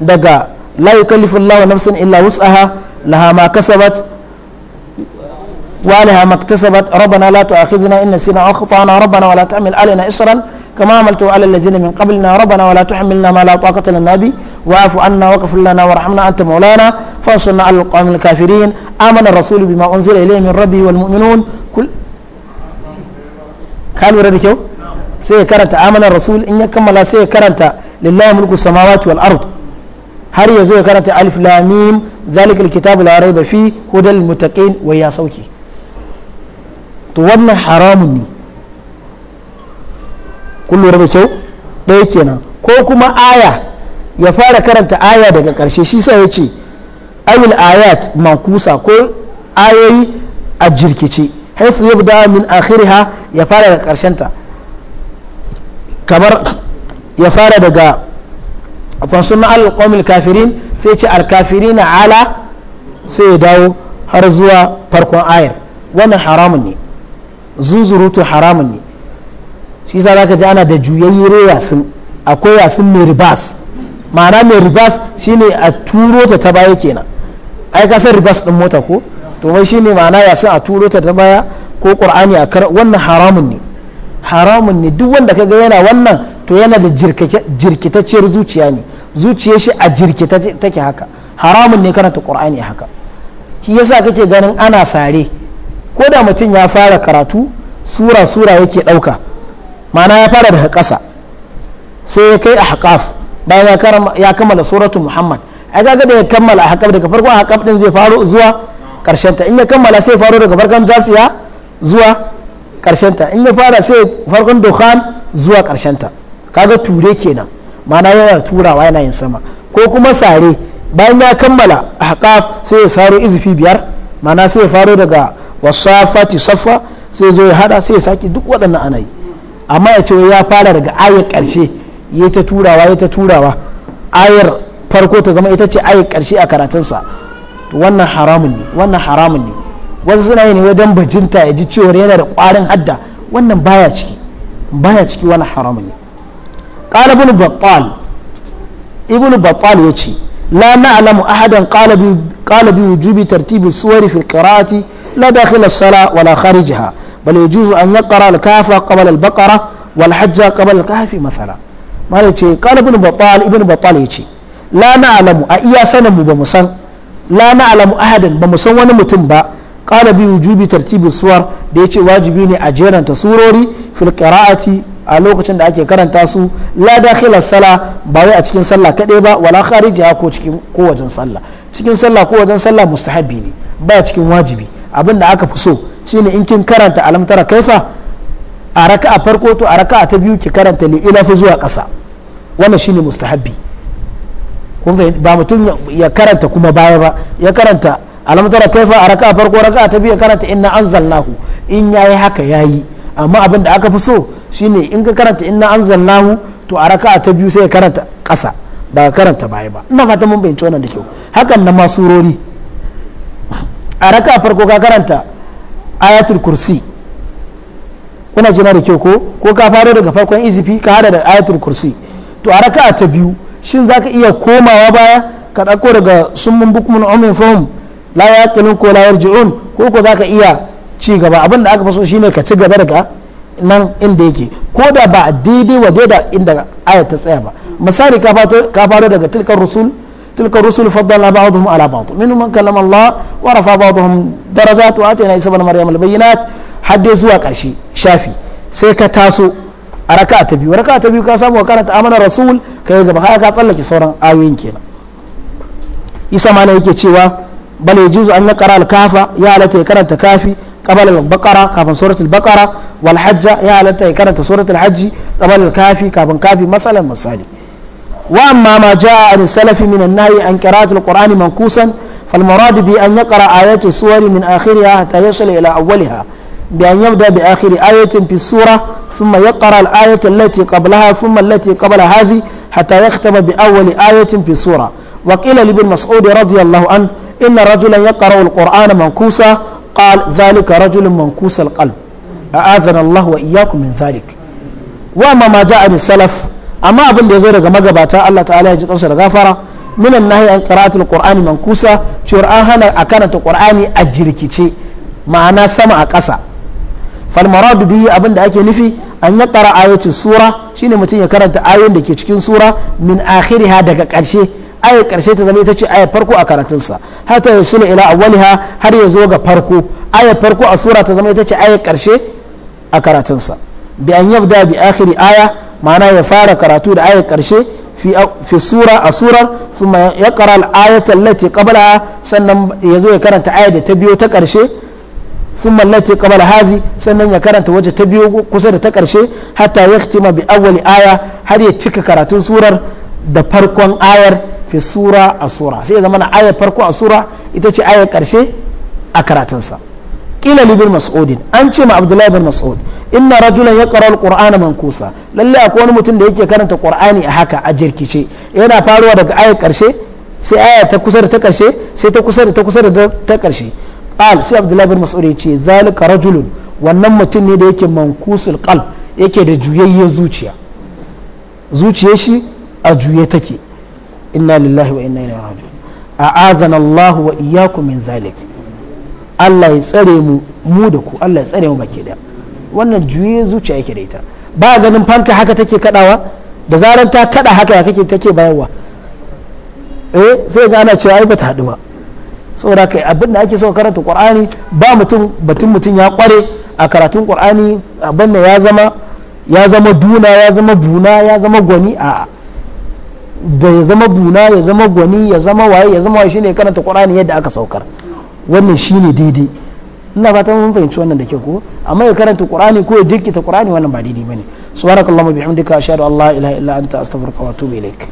daga la yukallifu Allahu nafsan illa wus'aha laha ma kasabat ولها ما اكتسبت ربنا لا تؤاخذنا إن نسينا أخطأنا ربنا ولا تحمل علينا إصرا كما عملت على الذين من قبلنا ربنا ولا تحملنا ما لا طاقة لنا به واعف عنا واغفر لنا وارحمنا أنت مولانا فانصرنا على القوم الكافرين آمن الرسول بما أنزل إليه من ربه والمؤمنون كل كانوا ربكوا سيكرنت آمن الرسول إن يكمل سيكرنت لله ملك السماوات والأرض هل يزوي zo ألف karanta ذلك الكتاب لا ريب فيه هدى fi ويا صوتي to wannan haramun ne kullum da kyau ɗaya kenan ko kuma aya ya fara karanta aya daga ƙarshe shi sa ya ce awil ayat makusa ko ayoyi a jirkice haifu ya buda min akhiriha ya fara daga ƙarshenta kamar ya fara daga fansunan alƙomil kafirin sai ce alkafirin ala sai ya dawo har zuwa farkon ayar wannan haramun ne zuzurutu haramun ne shi za zaka ji ana da juyayyire yasin akwai yasin mai ribas ma'ana mai ribas shine a turo ta ta baya kenan ai ka san ribas din mota ko to mai shine ma'ana yasin a turo ta ta baya ko qur'ani a kar wannan haramun ne haramun ne duk wanda kaga yana wannan to yana da jirkitacciyar zuciya ne zuciyar shi a jirkita take haka haramun ne karanta qur'ani haka shi yasa kake ganin ana sare ko da mutum ya fara karatu sura sura yake ɗauka mana ya fara daga ƙasa sai ya kai a haƙaf bayan ya kammala suratu muhammad a kaga da ya kammala a haƙaf daga farko a haƙaf ɗin zai faro zuwa ta in ya kammala sai faro daga farkon jasiya zuwa ta in ya fara sai farkon dukhan zuwa ta kaga ture kenan mana yana turawa yana yin sama ko kuma sare bayan ya kammala a haƙaf sai ya saro izifi biyar mana sai ya faro daga wasafati safa sai zo ya hada sai ya sake duk waɗannan ana yi amma ya ce ya fara daga ayar ƙarshe ya ta turawa ya ta turawa ayar farko ta zama ita ce ayar ƙarshe a karatunsa wannan haramun ne wannan haramun ne wasu suna yi ne wajen bajinta ya ji cewar yana da ƙwarin hadda wannan baya ciki baya ciki wannan haramun ne qala ibn battal ibn battal yace la na'lamu ahadan qala bi qala bi wujubi tartibi suwari fi qira'ati لا داخل الصلاة ولا خارجها بل يجوز أن يقرأ الكاف قبل البقرة والحج قبل الكهف مثلا ما يجي قال ابن بطال ابن بطال يجي لا نعلم أي سنة بمسن لا نعلم أحدا بمسن ونمتن با قال بوجوب ترتيب الصور ديتي واجبيني أجيرا تصوروري في القراءة a lokacin da ake karanta su la dakhila sala ba wai a cikin sallah kadai ba wala kharijiha ko cikin ko wajen sallah cikin sallah ko wajen sallah mustahabi ne ba cikin wajibi abin da aka fi so shine in kin karanta alam tara kaifa a raka'a farko to a raka'a ta biyu ki karanta ila fi zuwa ƙasa wannan shine mustahabbi ba mutum ya karanta kuma baya ba ya karanta alam tara kaifa a raka'a farko raka'a ta biyu ya karanta inna anzalnahu in yayi haka yayi amma abin da aka fi so shine in ka karanta inna anzalnahu to a raka'a ta biyu sai ya karanta ƙasa ba karanta baya ba ina fata mun bayyana wannan da kyau hakan na masurori a raka farko ka karanta ayatul kursi kuna jina da kyau ko ko ka faro daga farkon izifi ka hada da ayatul kursi to a raka ta biyu shin zaka iya komawa baya ka dauko daga summun bukmun umin fahum la yaqilun ko la yarji'un ko ko zaka iya ci gaba abin da aka faso shine ka ci gaba daga nan inda yake ko da ba daidai wa da inda aya ta tsaya ba misali ka faro daga tilkar rusul تلك الرسل فضلنا بعضهم على بعض منهم من كلم الله ورفع بعضهم درجات وآتينا عيسى بن مريم البينات حد يزوى قرشي شافي سيكا تاسو ركعة تبيو ركعة تبيو كاسام وكانت آمن الرسول كي يجب هاي كاتلك صورا آوين كينا يسا ما نيكي تشيوا بل يجوز أن نقرأ الكافة يا التي كانت كافي قبل البقرة كابن سورة البقرة والحجة يا التي كانت سورة الحج قبل الكافي كابن كافي مثلا مثالي وأما ما جاء عن السلف من النهي عن قراءة القرآن منكوسا فالمراد بأن يقرأ آيات السور من آخرها حتى يصل إلى أولها بأن يبدأ بآخر آية في السورة ثم يقرأ الآية التي قبلها ثم التي قبل هذه حتى يختم بأول آية في السورة وقيل لابن مسعود رضي الله عنه إن رجلا يقرأ القرآن منكوسا قال ذلك رجل منكوس القلب أعاذنا الله وإياكم من ذلك وأما ما جاء عن السلف amma abin da ya zo daga magabata Allah ta'ala ya ji kansa da gafara minan nahi an qira'atul qur'ani mankusa cewar an hana a karanta qur'ani a jirkice ma'ana sama a ƙasa fal maradu bihi abin da ake nufi an ya qara ayatu sura shine mutum ya karanta ayoyin da ke cikin sura min akhiriha daga ƙarshe ayar ƙarshe ta zama ita ce ayar farko a karatunsa hatta ya sula ila awwaliha har ya zo ga farko ayar farko a sura ta zama ita ce ayar ƙarshe a karatunsa bi an yabda bi akhiri aya ma'ana ya fara karatu da ayar karshe fi sura a surar kuma ya kara al'ayatar lati kabala sannan ya zo ya karanta ayar da ta biyo ta karshe sun mallake kabala hazi sannan ya karanta waje ta biyo kusa da ta karshe hatta ya ktima bi awwali aya har ya cika karatun surar da farkon ayar fi sura a sura sai ya zama ayar farko a sura ita ce ayar karshe a karatunsa kila libin mas'udin an ce ma abdullahi bin mas'ud inna rajulan ya qara alqur'ana mankusa lalle akwai wani mutum da yake karanta qur'ani a haka a jirkice yana faruwa daga ayar karshe sai aya ta kusa da ta karshe sai ta kusa da ta kusa da ta karshe qal sai abdullahi bin mas'ud ya ce zalika rajulun wannan mutum ne da yake mankusul qalb yake da juyayyen zuciya zuciyar shi a juye take inna lillahi wa inna ilaihi raji'un a'azana Allah wa iyyakum min zalik Allah ya tsare mu mu da ku Allah ya tsare mu baki daya wannan juye zuciya yake da ita ba ganin fanka haka take kadawa da zarar ta kada haka ya kake take bayarwa eh sai ga ana cewa ai bata hadu ba saboda kai abin da ake so karanta qur'ani ba mutum batun mutum ya kware a karatun qur'ani abin da ya zama ya zama duna ya zama buna ya zama gwani a da ya zama buna ya zama gwani ya zama waye ya zama waye shine karanta qur'ani yadda aka saukar wannan shine daidai ina fatan mun fahimci wannan da ke ko amma ya karanta qur'ani ko ya jirkita qur'ani wannan ba daidai bane subhanakallahumma bihamdika ashhadu an la ilaha illa anta astaghfiruka wa atubu ilaik